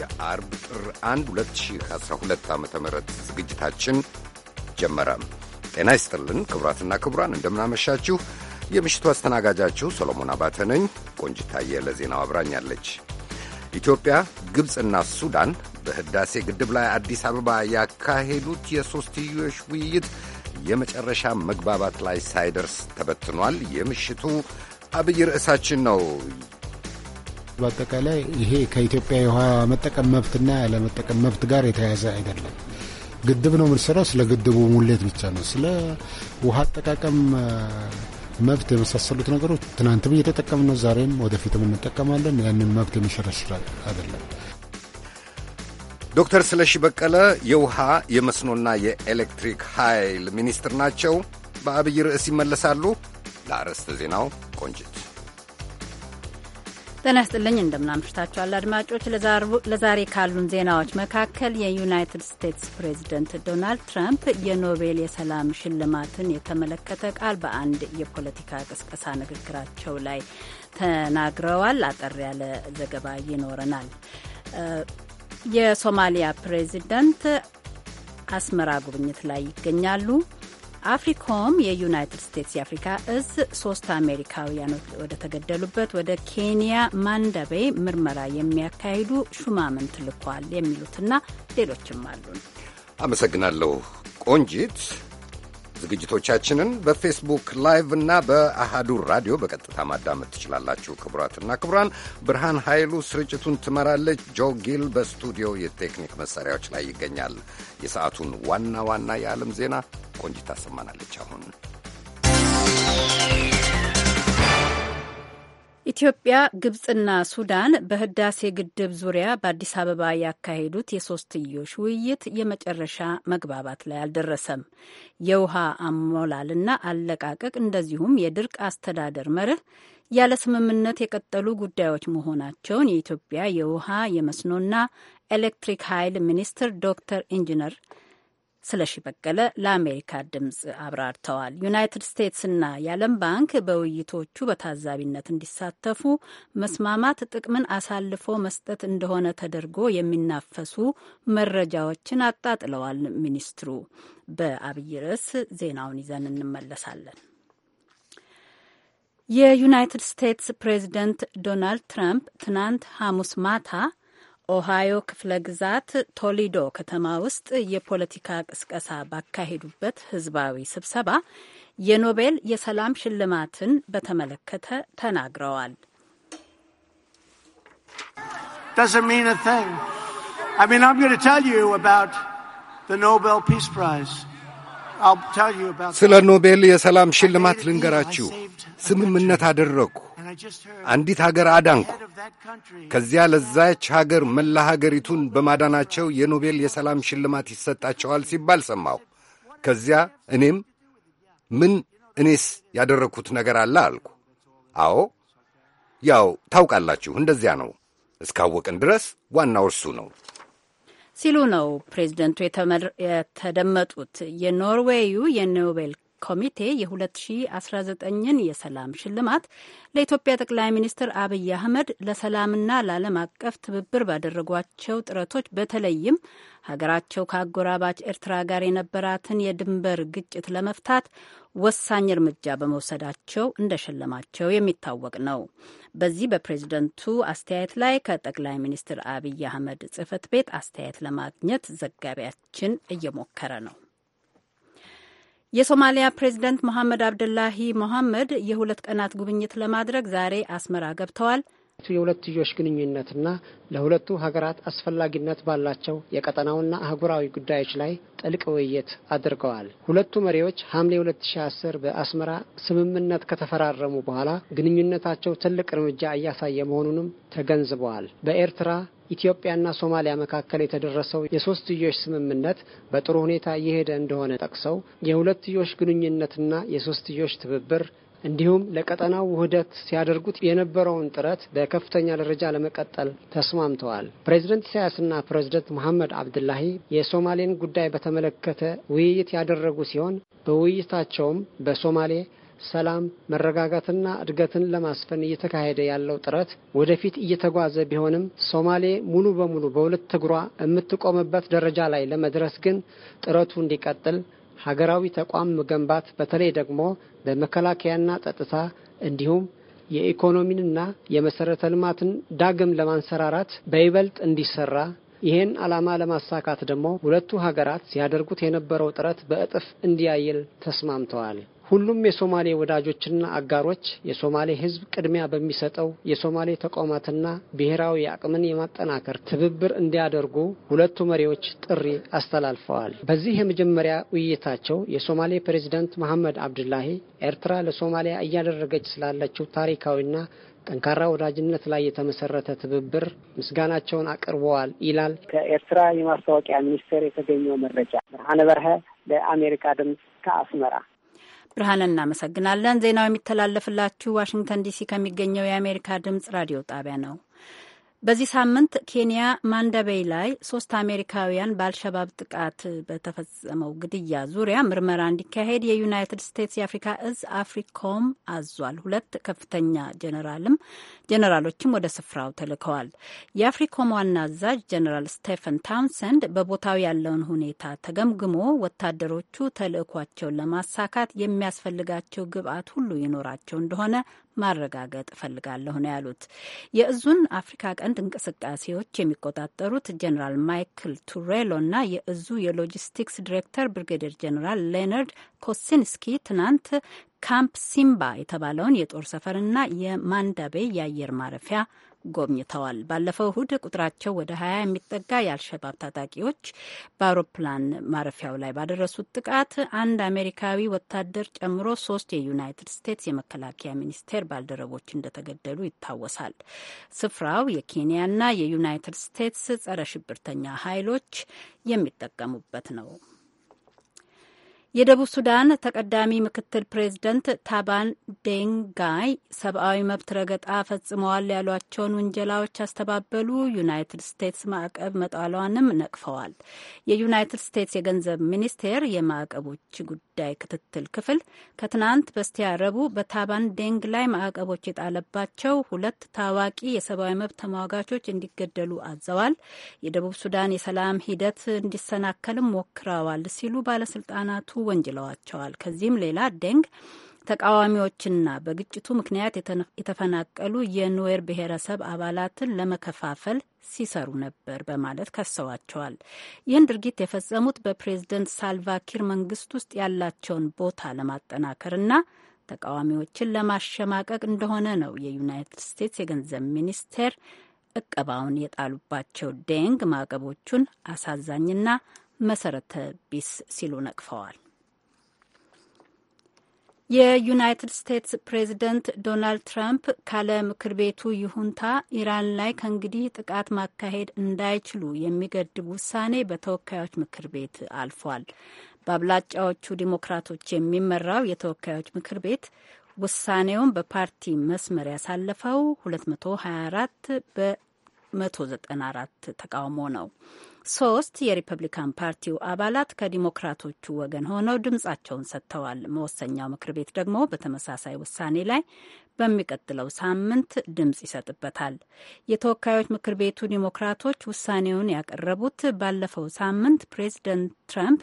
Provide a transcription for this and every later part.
የአርብ ጥር 1 2012 ዓ ም ዝግጅታችን ጀመረ። ጤና ይስጥልን ክቡራትና ክቡራን፣ እንደምናመሻችሁ። የምሽቱ አስተናጋጃችሁ ሰሎሞን አባተ ነኝ። ቆንጅታየ ለዜናው አብራኛለች። ኢትዮጵያ፣ ግብፅና ሱዳን በህዳሴ ግድብ ላይ አዲስ አበባ ያካሄዱት የሦስትዮሽ ውይይት የመጨረሻ መግባባት ላይ ሳይደርስ ተበትኗል። የምሽቱ አብይ ርዕሳችን ነው። በአጠቃላይ ይሄ ከኢትዮጵያ የውሃ መጠቀም መብትና ያለመጠቀም መብት ጋር የተያያዘ አይደለም። ግድብ ነው የምንሰራው፣ ስለ ግድቡ ሙሌት ብቻ ነው። ስለ ውሃ አጠቃቀም መብት የመሳሰሉት ነገሮች ትናንትም እየተጠቀምን ነው፣ ዛሬም ወደፊትም እንጠቀማለን። ያንን መብት የሚሸረሽር አይደለም። ዶክተር ስለሺ በቀለ የውሃ የመስኖና የኤሌክትሪክ ኃይል ሚኒስትር ናቸው። በአብይ ርዕስ ይመለሳሉ። ለአርዕስተ ዜናው ቆንጭት ጤና ይስጥልኝ እንደምናምሽታችኋል አድማጮች። ለዛሬ ካሉን ዜናዎች መካከል የዩናይትድ ስቴትስ ፕሬዝደንት ዶናልድ ትራምፕ የኖቤል የሰላም ሽልማትን የተመለከተ ቃል በአንድ የፖለቲካ ቅስቀሳ ንግግራቸው ላይ ተናግረዋል። አጠር ያለ ዘገባ ይኖረናል። የሶማሊያ ፕሬዚደንት አስመራ ጉብኝት ላይ ይገኛሉ። አፍሪኮም የዩናይትድ ስቴትስ የአፍሪካ እዝ ሶስት አሜሪካውያኖች ወደ ተገደሉበት ወደ ኬንያ ማንደቤ ምርመራ የሚያካሂዱ ሹማምንት ልኳል የሚሉትና ሌሎችም አሉን። አመሰግናለሁ ቆንጂት። ዝግጅቶቻችንን በፌስቡክ ላይቭ እና በአሃዱ ራዲዮ በቀጥታ ማዳመጥ ትችላላችሁ። ክቡራትና ክቡራን፣ ብርሃን ኃይሉ ስርጭቱን ትመራለች። ጆ ጊል በስቱዲዮ የቴክኒክ መሣሪያዎች ላይ ይገኛል። የሰዓቱን ዋና ዋና የዓለም ዜና ቆንጂት ታሰማናለች አሁን ኢትዮጵያ፣ ግብጽና ሱዳን በህዳሴ ግድብ ዙሪያ በአዲስ አበባ ያካሄዱት የሶስትዮሽ ውይይት የመጨረሻ መግባባት ላይ አልደረሰም። የውሃ አሞላልና አለቃቀቅ እንደዚሁም የድርቅ አስተዳደር መርህ ያለ ስምምነት የቀጠሉ ጉዳዮች መሆናቸውን የኢትዮጵያ የውሃ የመስኖና ኤሌክትሪክ ኃይል ሚኒስትር ዶክተር ኢንጂነር ስለሺ በቀለ ለአሜሪካ ድምፅ አብራርተዋል። ዩናይትድ ስቴትስና የዓለም ባንክ በውይይቶቹ በታዛቢነት እንዲሳተፉ መስማማት ጥቅምን አሳልፎ መስጠት እንደሆነ ተደርጎ የሚናፈሱ መረጃዎችን አጣጥለዋል ሚኒስትሩ። በአብይ ርዕስ ዜናውን ይዘን እንመለሳለን። የዩናይትድ ስቴትስ ፕሬዚደንት ዶናልድ ትራምፕ ትናንት ሐሙስ ማታ ኦሃዮ ክፍለ ግዛት ቶሊዶ ከተማ ውስጥ የፖለቲካ ቅስቀሳ ባካሄዱበት ህዝባዊ ስብሰባ የኖቤል የሰላም ሽልማትን በተመለከተ ተናግረዋል። ስለ ኖቤል የሰላም ሽልማት ልንገራችሁ። ስምምነት አደረግኩ አንዲት ሀገር አዳንኩ። ከዚያ ለዛች ሀገር መላ ሀገሪቱን በማዳናቸው የኖቤል የሰላም ሽልማት ይሰጣቸዋል ሲባል ሰማሁ። ከዚያ እኔም ምን እኔስ ያደረግኩት ነገር አለ አልኩ። አዎ ያው ታውቃላችሁ፣ እንደዚያ ነው። እስካወቅን ድረስ ዋናው እርሱ ነው ሲሉ ነው ፕሬዚደንቱ የተደመጡት። የኖርዌዩ የኖቤል ኮሚቴ የ2019ን የሰላም ሽልማት ለኢትዮጵያ ጠቅላይ ሚኒስትር አብይ አህመድ ለሰላምና ለዓለም አቀፍ ትብብር ባደረጓቸው ጥረቶች በተለይም ሀገራቸው ከአጎራባች ኤርትራ ጋር የነበራትን የድንበር ግጭት ለመፍታት ወሳኝ እርምጃ በመውሰዳቸው እንደሸለማቸው የሚታወቅ ነው። በዚህ በፕሬዝደንቱ አስተያየት ላይ ከጠቅላይ ሚኒስትር አብይ አህመድ ጽህፈት ቤት አስተያየት ለማግኘት ዘጋቢያችን እየሞከረ ነው። የሶማሊያ ፕሬዚደንት ሞሐመድ አብደላሂ ሞሐመድ የሁለት ቀናት ጉብኝት ለማድረግ ዛሬ አስመራ ገብተዋል። የሁለትዮሽ ግንኙነትና ለሁለቱ ሀገራት አስፈላጊነት ባላቸው የቀጠናውና አህጉራዊ ጉዳዮች ላይ ጥልቅ ውይይት አድርገዋል። ሁለቱ መሪዎች ሐምሌ 2010 በአስመራ ስምምነት ከተፈራረሙ በኋላ ግንኙነታቸው ትልቅ እርምጃ እያሳየ መሆኑንም ተገንዝበዋል። በኤርትራ ኢትዮጵያና ሶማሊያ መካከል የተደረሰው የሶስትዮሽ ስምምነት በጥሩ ሁኔታ እየሄደ እንደሆነ ጠቅሰው የሁለትዮሽ ግንኙነትና የሶስትዮሽ ትብብር እንዲሁም ለቀጠናው ውህደት ሲያደርጉት የነበረውን ጥረት በከፍተኛ ደረጃ ለመቀጠል ተስማምተዋል። ፕሬዚደንት ኢሳያስና ፕሬዝደንት መሐመድ አብድላሂ የሶማሌን ጉዳይ በተመለከተ ውይይት ያደረጉ ሲሆን በውይይታቸውም በሶማሌ ሰላም መረጋጋትና እድገትን ለማስፈን እየተካሄደ ያለው ጥረት ወደፊት እየተጓዘ ቢሆንም ሶማሌ ሙሉ በሙሉ በሁለት እግሯ የምትቆምበት ደረጃ ላይ ለመድረስ ግን ጥረቱ እንዲቀጥል ሀገራዊ ተቋም መገንባት በተለይ ደግሞ በመከላከያና ጸጥታ እንዲሁም የኢኮኖሚንና የመሰረተ ልማትን ዳግም ለማንሰራራት በይበልጥ እንዲሰራ ይህን ዓላማ ለማሳካት ደግሞ ሁለቱ ሀገራት ሲያደርጉት የነበረው ጥረት በእጥፍ እንዲያይል ተስማምተዋል። ሁሉም የሶማሌ ወዳጆችና አጋሮች የሶማሌ ሕዝብ ቅድሚያ በሚሰጠው የሶማሌ ተቋማትና ብሔራዊ አቅምን የማጠናከር ትብብር እንዲያደርጉ ሁለቱ መሪዎች ጥሪ አስተላልፈዋል። በዚህ የመጀመሪያ ውይይታቸው የሶማሌ ፕሬዝዳንት መሐመድ አብዱላሂ ኤርትራ ለሶማሊያ እያደረገች ስላለችው ታሪካዊና ጠንካራ ወዳጅነት ላይ የተመሰረተ ትብብር ምስጋናቸውን አቅርበዋል ይላል ከኤርትራ የማስታወቂያ ሚኒስቴር የተገኘው መረጃ። ብርሃነ በርሀ ለአሜሪካ ድምፅ ከአስመራ ብርሃን እናመሰግናለን። ዜናው የሚተላለፍላችሁ ዋሽንግተን ዲሲ ከሚገኘው የአሜሪካ ድምጽ ራዲዮ ጣቢያ ነው። በዚህ ሳምንት ኬንያ ማንዳቤይ ላይ ሶስት አሜሪካውያን በአልሸባብ ጥቃት በተፈጸመው ግድያ ዙሪያ ምርመራ እንዲካሄድ የዩናይትድ ስቴትስ የአፍሪካ እዝ አፍሪኮም አዟል። ሁለት ከፍተኛ ጀኔራልም ጀነራሎችም ወደ ስፍራው ተልከዋል። የአፍሪኮም ዋና አዛዥ ጀነራል ስቴፈን ታውንሰንድ በቦታው ያለውን ሁኔታ ተገምግሞ ወታደሮቹ ተልእኳቸውን ለማሳካት የሚያስፈልጋቸው ግብአት ሁሉ ይኖራቸው እንደሆነ ማረጋገጥ እፈልጋለሁ ነው ያሉት። የእዙን አፍሪካ ቀንድ እንቅስቃሴዎች የሚቆጣጠሩት ጀኔራል ማይክል ቱሬሎ እና የእዙ የሎጂስቲክስ ዲሬክተር ብሪጌዴር ጀኔራል ሌነርድ ኮሲንስኪ ትናንት ካምፕ ሲምባ የተባለውን የጦር ሰፈርና የማንዳቤ የአየር ማረፊያ ጎብኝተዋል። ባለፈው እሁድ ቁጥራቸው ወደ ሀያ የሚጠጋ የአልሸባብ ታጣቂዎች በአውሮፕላን ማረፊያው ላይ ባደረሱት ጥቃት አንድ አሜሪካዊ ወታደር ጨምሮ ሶስት የዩናይትድ ስቴትስ የመከላከያ ሚኒስቴር ባልደረቦች እንደተገደሉ ይታወሳል። ስፍራው የኬንያና የዩናይትድ ስቴትስ ጸረ ሽብርተኛ ኃይሎች የሚጠቀሙበት ነው። የደቡብ ሱዳን ተቀዳሚ ምክትል ፕሬዝደንት ታባን ዴንጋይ ሰብአዊ መብት ረገጣ ፈጽመዋል ያሏቸውን ውንጀላዎች አስተባበሉ። ዩናይትድ ስቴትስ ማዕቀብ መጣሏንም ነቅፈዋል። የዩናይትድ ስቴትስ የገንዘብ ሚኒስቴር የማዕቀቦች ጉዳይ ክትትል ክፍል ከትናንት በስቲያ ረቡዕ በታባን ዴንግ ላይ ማዕቀቦች የጣለባቸው ሁለት ታዋቂ የሰብአዊ መብት ተሟጋቾች እንዲገደሉ አዘዋል። የደቡብ ሱዳን የሰላም ሂደት እንዲሰናከልም ሞክረዋል ሲሉ ባለስልጣናቱ ወንጅለዋቸዋል። ከዚህም ሌላ ደንግ ተቃዋሚዎችና በግጭቱ ምክንያት የተፈናቀሉ የኑዌር ብሔረሰብ አባላትን ለመከፋፈል ሲሰሩ ነበር በማለት ከሰዋቸዋል። ይህን ድርጊት የፈጸሙት በፕሬዝደንት ሳልቫኪር መንግስት ውስጥ ያላቸውን ቦታ ለማጠናከርና ተቃዋሚዎችን ለማሸማቀቅ እንደሆነ ነው የዩናይትድ ስቴትስ የገንዘብ ሚኒስቴር እቀባውን የጣሉባቸው ዴንግ ማዕቀቦቹን አሳዛኝና መሰረተ ቢስ ሲሉ ነቅፈዋል። የዩናይትድ ስቴትስ ፕሬዝደንት ዶናልድ ትራምፕ ካለ ምክር ቤቱ ይሁንታ ኢራን ላይ ከእንግዲህ ጥቃት ማካሄድ እንዳይችሉ የሚገድብ ውሳኔ በተወካዮች ምክር ቤት አልፏል። በአብላጫዎቹ ዲሞክራቶች የሚመራው የተወካዮች ምክር ቤት ውሳኔውን በፓርቲ መስመር ያሳለፈው 224 በ 194 ተቃውሞ ነው። ሶስት የሪፐብሊካን ፓርቲው አባላት ከዲሞክራቶቹ ወገን ሆነው ድምጻቸውን ሰጥተዋል። መወሰኛው ምክር ቤት ደግሞ በተመሳሳይ ውሳኔ ላይ በሚቀጥለው ሳምንት ድምጽ ይሰጥበታል። የተወካዮች ምክር ቤቱ ዲሞክራቶች ውሳኔውን ያቀረቡት ባለፈው ሳምንት ፕሬዚደንት ትራምፕ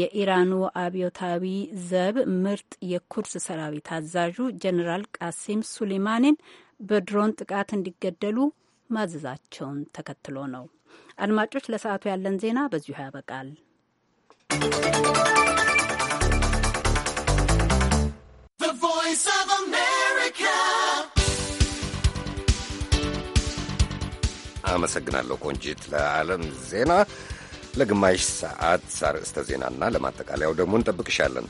የኢራኑ አብዮታዊ ዘብ ምርጥ የኩርስ ሰራዊት አዛዡ ጀኔራል ቃሲም ሱሌማኒን በድሮን ጥቃት እንዲገደሉ ማዘዛቸውን ተከትሎ ነው። አድማጮች፣ ለሰዓቱ ያለን ዜና በዚሁ ያበቃል። አመሰግናለሁ ቆንጂት ለዓለም ዜና። ለግማሽ ሰዓት አርዕስተ ዜናና ለማጠቃለያው ደግሞ እንጠብቅሻለን።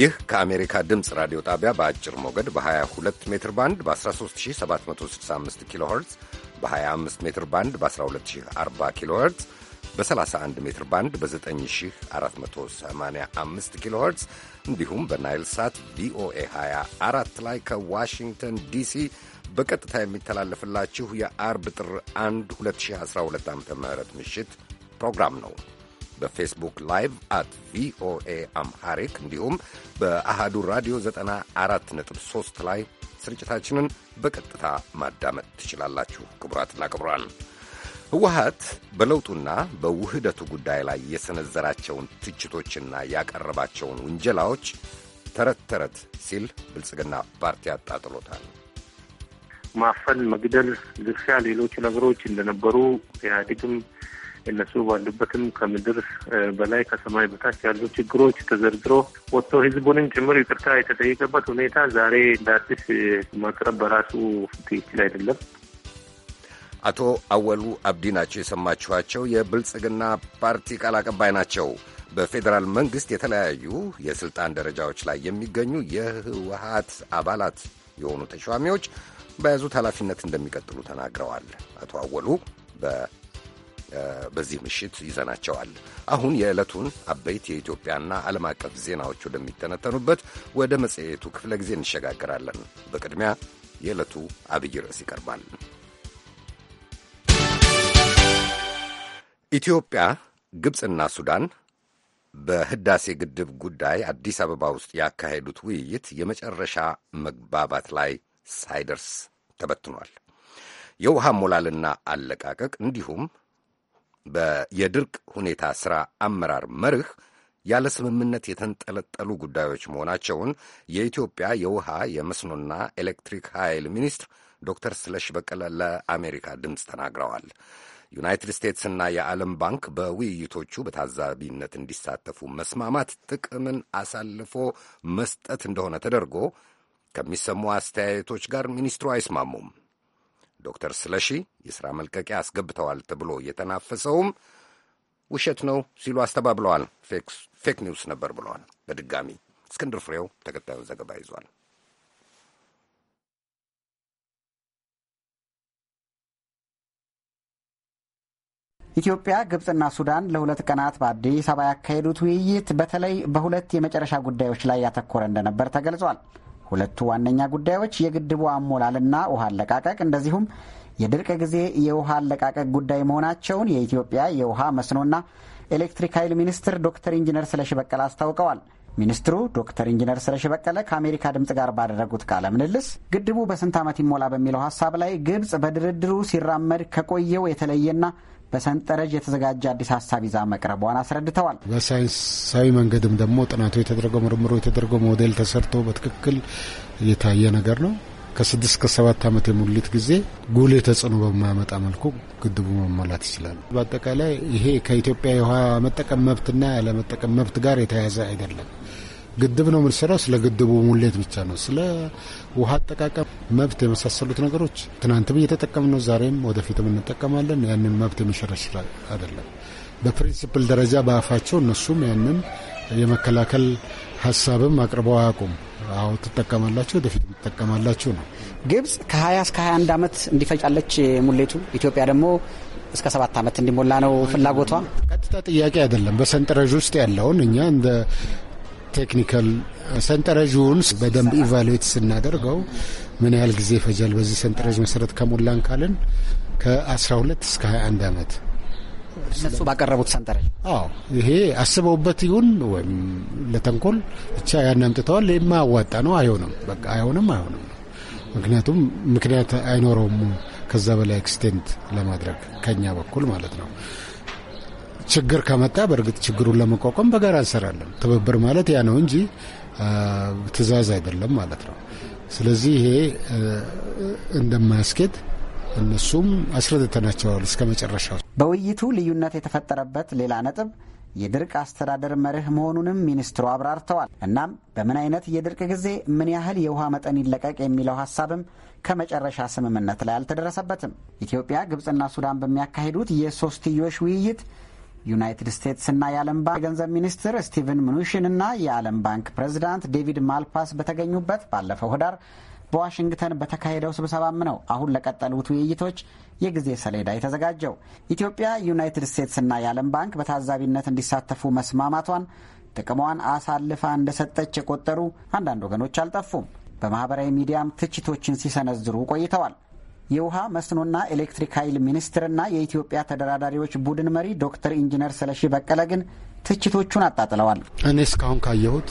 ይህ ከአሜሪካ ድምፅ ራዲዮ ጣቢያ በአጭር ሞገድ በ22 ሜትር ባንድ በ13765 ኪሎ ኸርትዝ በ25 ሜትር ባንድ በ1240 ኪሎ ሄርትዝ በ31 ሜትር ባንድ በ9485 ኪሎ እንዲሁም በናይል ሳት ቪኦኤ 24 ላይ ከዋሽንግተን ዲሲ በቀጥታ የሚተላለፍላችሁ የአርብ ጥር 1 2012 ዓ ም ምሽት ፕሮግራም ነው። በፌስቡክ ላይቭ አት ቪኦኤ አምሃሪክ እንዲሁም በአሃዱ ራዲዮ 94.3 ላይ ስርጭታችንን በቀጥታ ማዳመጥ ትችላላችሁ። ክቡራትና ክቡራን ህወሀት በለውጡና በውህደቱ ጉዳይ ላይ የሰነዘራቸውን ትችቶችና ያቀረባቸውን ውንጀላዎች ተረት ተረት ሲል ብልጽግና ፓርቲ አጣጥሎታል። ማፈን፣ መግደል፣ ዝርፊያ፣ ሌሎች ነገሮች እንደነበሩ ኢህአዴግም እነሱ ባሉበትም ከምድር በላይ ከሰማይ በታች ያሉ ችግሮች ተዘርዝሮ ወጥቶ ህዝቡንም ጭምር ይቅርታ የተጠየቀበት ሁኔታ ዛሬ እንደ አዲስ ማቅረብ በራሱ ትክክል አይደለም። አቶ አወሉ አብዲ ናቸው የሰማችኋቸው። የብልጽግና ፓርቲ ቃል አቀባይ ናቸው። በፌዴራል መንግሥት የተለያዩ የሥልጣን ደረጃዎች ላይ የሚገኙ የህወሀት አባላት የሆኑ ተሿሚዎች በያዙት ኃላፊነት እንደሚቀጥሉ ተናግረዋል። አቶ አወሉ በዚህ ምሽት ይዘናቸዋል። አሁን የዕለቱን አበይት የኢትዮጵያና ዓለም አቀፍ ዜናዎች ወደሚተነተኑበት ወደ መጽሔቱ ክፍለ ጊዜ እንሸጋገራለን። በቅድሚያ የዕለቱ አብይ ርዕስ ይቀርባል። ኢትዮጵያ፣ ግብፅና ሱዳን በህዳሴ ግድብ ጉዳይ አዲስ አበባ ውስጥ ያካሄዱት ውይይት የመጨረሻ መግባባት ላይ ሳይደርስ ተበትኗል። የውሃ ሞላልና አለቃቀቅ እንዲሁም የድርቅ ሁኔታ ሥራ አመራር መርህ ያለ ስምምነት የተንጠለጠሉ ጉዳዮች መሆናቸውን የኢትዮጵያ የውሃ የመስኖና ኤሌክትሪክ ኃይል ሚኒስትር ዶክተር ስለሽ በቀለ ለአሜሪካ ድምፅ ተናግረዋል። ዩናይትድ ስቴትስና የዓለም ባንክ በውይይቶቹ በታዛቢነት እንዲሳተፉ መስማማት ጥቅምን አሳልፎ መስጠት እንደሆነ ተደርጎ ከሚሰሙ አስተያየቶች ጋር ሚኒስትሩ አይስማሙም። ዶክተር ስለሺ የሥራ መልቀቂያ አስገብተዋል ተብሎ የተናፈሰውም ውሸት ነው ሲሉ አስተባብለዋል። ፌክ ኒውስ ነበር ብለዋል። በድጋሚ እስክንድር ፍሬው ተከታዩን ዘገባ ይዟል። ኢትዮጵያ፣ ግብፅና ሱዳን ለሁለት ቀናት በአዲስ አበባ ያካሄዱት ውይይት በተለይ በሁለት የመጨረሻ ጉዳዮች ላይ ያተኮረ እንደነበር ተገልጿል። ሁለቱ ዋነኛ ጉዳዮች የግድቡ አሞላልና ውሃ አለቃቀቅ እንደዚሁም የድርቅ ጊዜ የውሃ አለቃቀቅ ጉዳይ መሆናቸውን የኢትዮጵያ የውሃ መስኖና ኤሌክትሪክ ኃይል ሚኒስትር ዶክተር ኢንጂነር ስለሺ በቀለ አስታውቀዋል። ሚኒስትሩ ዶክተር ኢንጂነር ስለሺ በቀለ ከአሜሪካ ድምፅ ጋር ባደረጉት ቃለ ምልልስ ግድቡ በስንት ዓመት ይሞላ በሚለው ሀሳብ ላይ ግብፅ በድርድሩ ሲራመድ ከቆየው የተለየና በሰንጠረዥ የተዘጋጀ አዲስ ሀሳብ ይዛ መቅረቧን አስረድተዋል። በሳይንሳዊ መንገድም ደግሞ ጥናቱ የተደረገው ምርምሮ የተደረገው ሞዴል ተሰርቶ በትክክል የታየ ነገር ነው። ከስድስት ከሰባት ዓመት የሙሊት ጊዜ ጉልህ ተጽዕኖ በማያመጣ መልኩ ግድቡ መሞላት ይችላል። በአጠቃላይ ይሄ ከኢትዮጵያ የውሃ መጠቀም መብትና ያለመጠቀም መብት ጋር የተያያዘ አይደለም። ግድብ ነው የምንሰራው። ስለ ግድቡ ሙሌት ብቻ ነው፣ ስለ ውሃ አጠቃቀም መብት የመሳሰሉት ነገሮች ትናንትም እየተጠቀምን ነው፣ ዛሬም ወደፊትም እንጠቀማለን። ያንን መብት የሚሸረሽር አይደለም። በፕሪንሲፕል ደረጃ በአፋቸው እነሱም ያንን የመከላከል ሀሳብም አቅርበው አያውቁም። አዎ ትጠቀማላችሁ፣ ወደፊት ትጠቀማላችሁ ነው። ግብጽ ከ20 እስከ 21 ዓመት እንዲፈጫለች ሙሌቱ፣ ኢትዮጵያ ደግሞ እስከ ሰባት ዓመት እንዲሞላ ነው ፍላጎቷ። ቀጥታ ጥያቄ አይደለም። በሰንጠረዥ ውስጥ ያለውን እኛ እንደ ቴክኒካል ሰንጠረዥውን በደንብ ኢቫሉዌት ስናደርገው ምን ያህል ጊዜ ይፈጃል? በዚህ ሰንጠረዥ መሰረት ከሞላን ካልን ከ12 እስከ 21 ዓመት እነሱ ባቀረቡት ሰንጠረዥ። አዎ ይሄ አስበውበት ይሁን ወይም ለተንኮል ብቻ ያን አምጥተዋል። የማያዋጣ ነው። አይሆንም፣ በቃ አይሆንም፣ አይሆንም። ምክንያቱም ምክንያት አይኖረውም ከዛ በላይ ኤክስቴንት ለማድረግ ከኛ በኩል ማለት ነው። ችግር ከመጣ በእርግጥ ችግሩን ለመቋቋም በጋራ እንሰራለን። ትብብር ማለት ያ ነው እንጂ ትዕዛዝ አይደለም ማለት ነው። ስለዚህ ይሄ እንደማያስኬድ እነሱም አስረድተናቸዋል እስከ መጨረሻው። በውይይቱ ልዩነት የተፈጠረበት ሌላ ነጥብ የድርቅ አስተዳደር መርህ መሆኑንም ሚኒስትሩ አብራርተዋል። እናም በምን አይነት የድርቅ ጊዜ ምን ያህል የውሃ መጠን ይለቀቅ የሚለው ሀሳብም ከመጨረሻ ስምምነት ላይ አልተደረሰበትም። ኢትዮጵያ፣ ግብፅና ሱዳን በሚያካሂዱት የሶስትዮሽ ውይይት ዩናይትድ ስቴትስና የዓለም ባንክ የገንዘብ ሚኒስትር ስቲቨን ምኑሽን እና የዓለም ባንክ ፕሬዚዳንት ዴቪድ ማልፓስ በተገኙበት ባለፈው ህዳር በዋሽንግተን በተካሄደው ስብሰባም ነው አሁን ለቀጠሉት ውይይቶች የጊዜ ሰሌዳ የተዘጋጀው። ኢትዮጵያ ዩናይትድ ስቴትስና የዓለም ባንክ በታዛቢነት እንዲሳተፉ መስማማቷን ጥቅሟን አሳልፋ እንደሰጠች የቆጠሩ አንዳንድ ወገኖች አልጠፉም። በማኅበራዊ ሚዲያም ትችቶችን ሲሰነዝሩ ቆይተዋል። የውሃ መስኖና ኤሌክትሪክ ኃይል ሚኒስትርና የኢትዮጵያ ተደራዳሪዎች ቡድን መሪ ዶክተር ኢንጂነር ስለሺ በቀለ ግን ትችቶቹን አጣጥለዋል። እኔ እስካሁን ካየሁት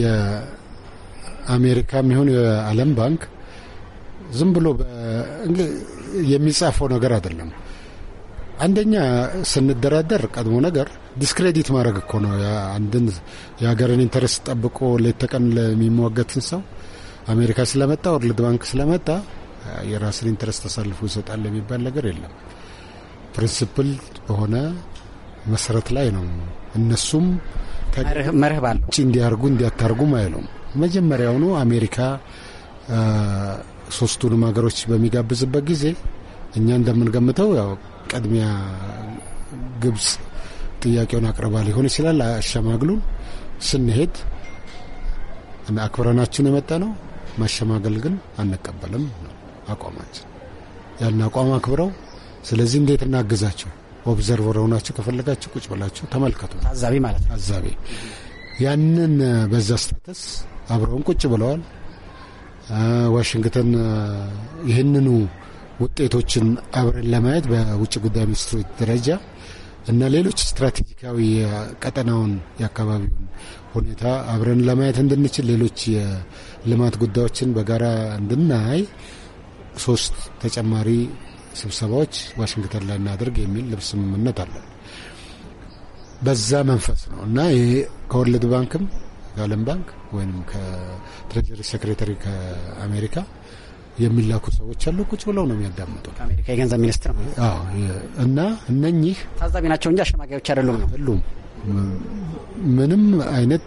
የአሜሪካ የሚሆን የዓለም ባንክ ዝም ብሎ የሚጻፈው ነገር አይደለም። አንደኛ ስንደራደር ቀድሞ ነገር ዲስክሬዲት ማድረግ እኮ ነው። አንድን የሀገርን ኢንተረስት ጠብቆ ሌት ተቀን ለሚሟገትን ሰው አሜሪካ ስለመጣ ወርልድ ባንክ ስለመጣ የራስን ኢንትረስት ተሳልፎ ይሰጣል የሚባል ነገር የለም። ፕሪንስፕል በሆነ መሰረት ላይ ነው። እነሱም መርህ ባለ እንዲያርጉ እንዲያታርጉም አይሉም። መጀመሪያውኑ አሜሪካ ሶስቱንም ሀገሮች በሚጋብዝበት ጊዜ እኛ እንደምንገምተው ያው ቀድሚያ ግብጽ ጥያቄውን አቅርባ ሊሆን ይችላል። አሸማግሉን ስንሄድ አክብረናችሁን የመጣ ነው ማሸማገል ግን አንቀበልም ነው አቋማችን። ያን አቋም አክብረው ስለዚህ እንዴት እናግዛቸው? ኦብዘርቨር ሆናችሁ ከፈለጋችሁ ቁጭ ብላችሁ ተመልከቱ። ታዛቢ ማለት ነው። ታዛቢ ያንን በዛ ስታተስ አብረውን ቁጭ ብለዋል። ዋሽንግተን ይህንኑ ውጤቶችን አብረን ለማየት በውጭ ጉዳይ ሚኒስትሮች ደረጃ እና ሌሎች ስትራቴጂካዊ ቀጠናውን የአካባቢውን ሁኔታ አብረን ለማየት እንድንችል ሌሎች የልማት ጉዳዮችን በጋራ እንድናይ ሶስት ተጨማሪ ስብሰባዎች ዋሽንግተን ላይ እናደርግ የሚል ልብ ስምምነት አለን። በዛ መንፈስ ነው እና ይሄ ከወርልድ ባንክም ከዓለም ባንክ ወይም ከትሬጀሪ ሴክሬታሪ ከአሜሪካ የሚላኩ ሰዎች አሉ። ቁጭ ብለው ነው የሚያዳምጡ። አሜሪካ የገንዘብ ሚኒስትር እና እነኚህ ታዛቢ ናቸው እንጂ አሸማጊዎች አይደሉም ነው አይደሉም። ምንም አይነት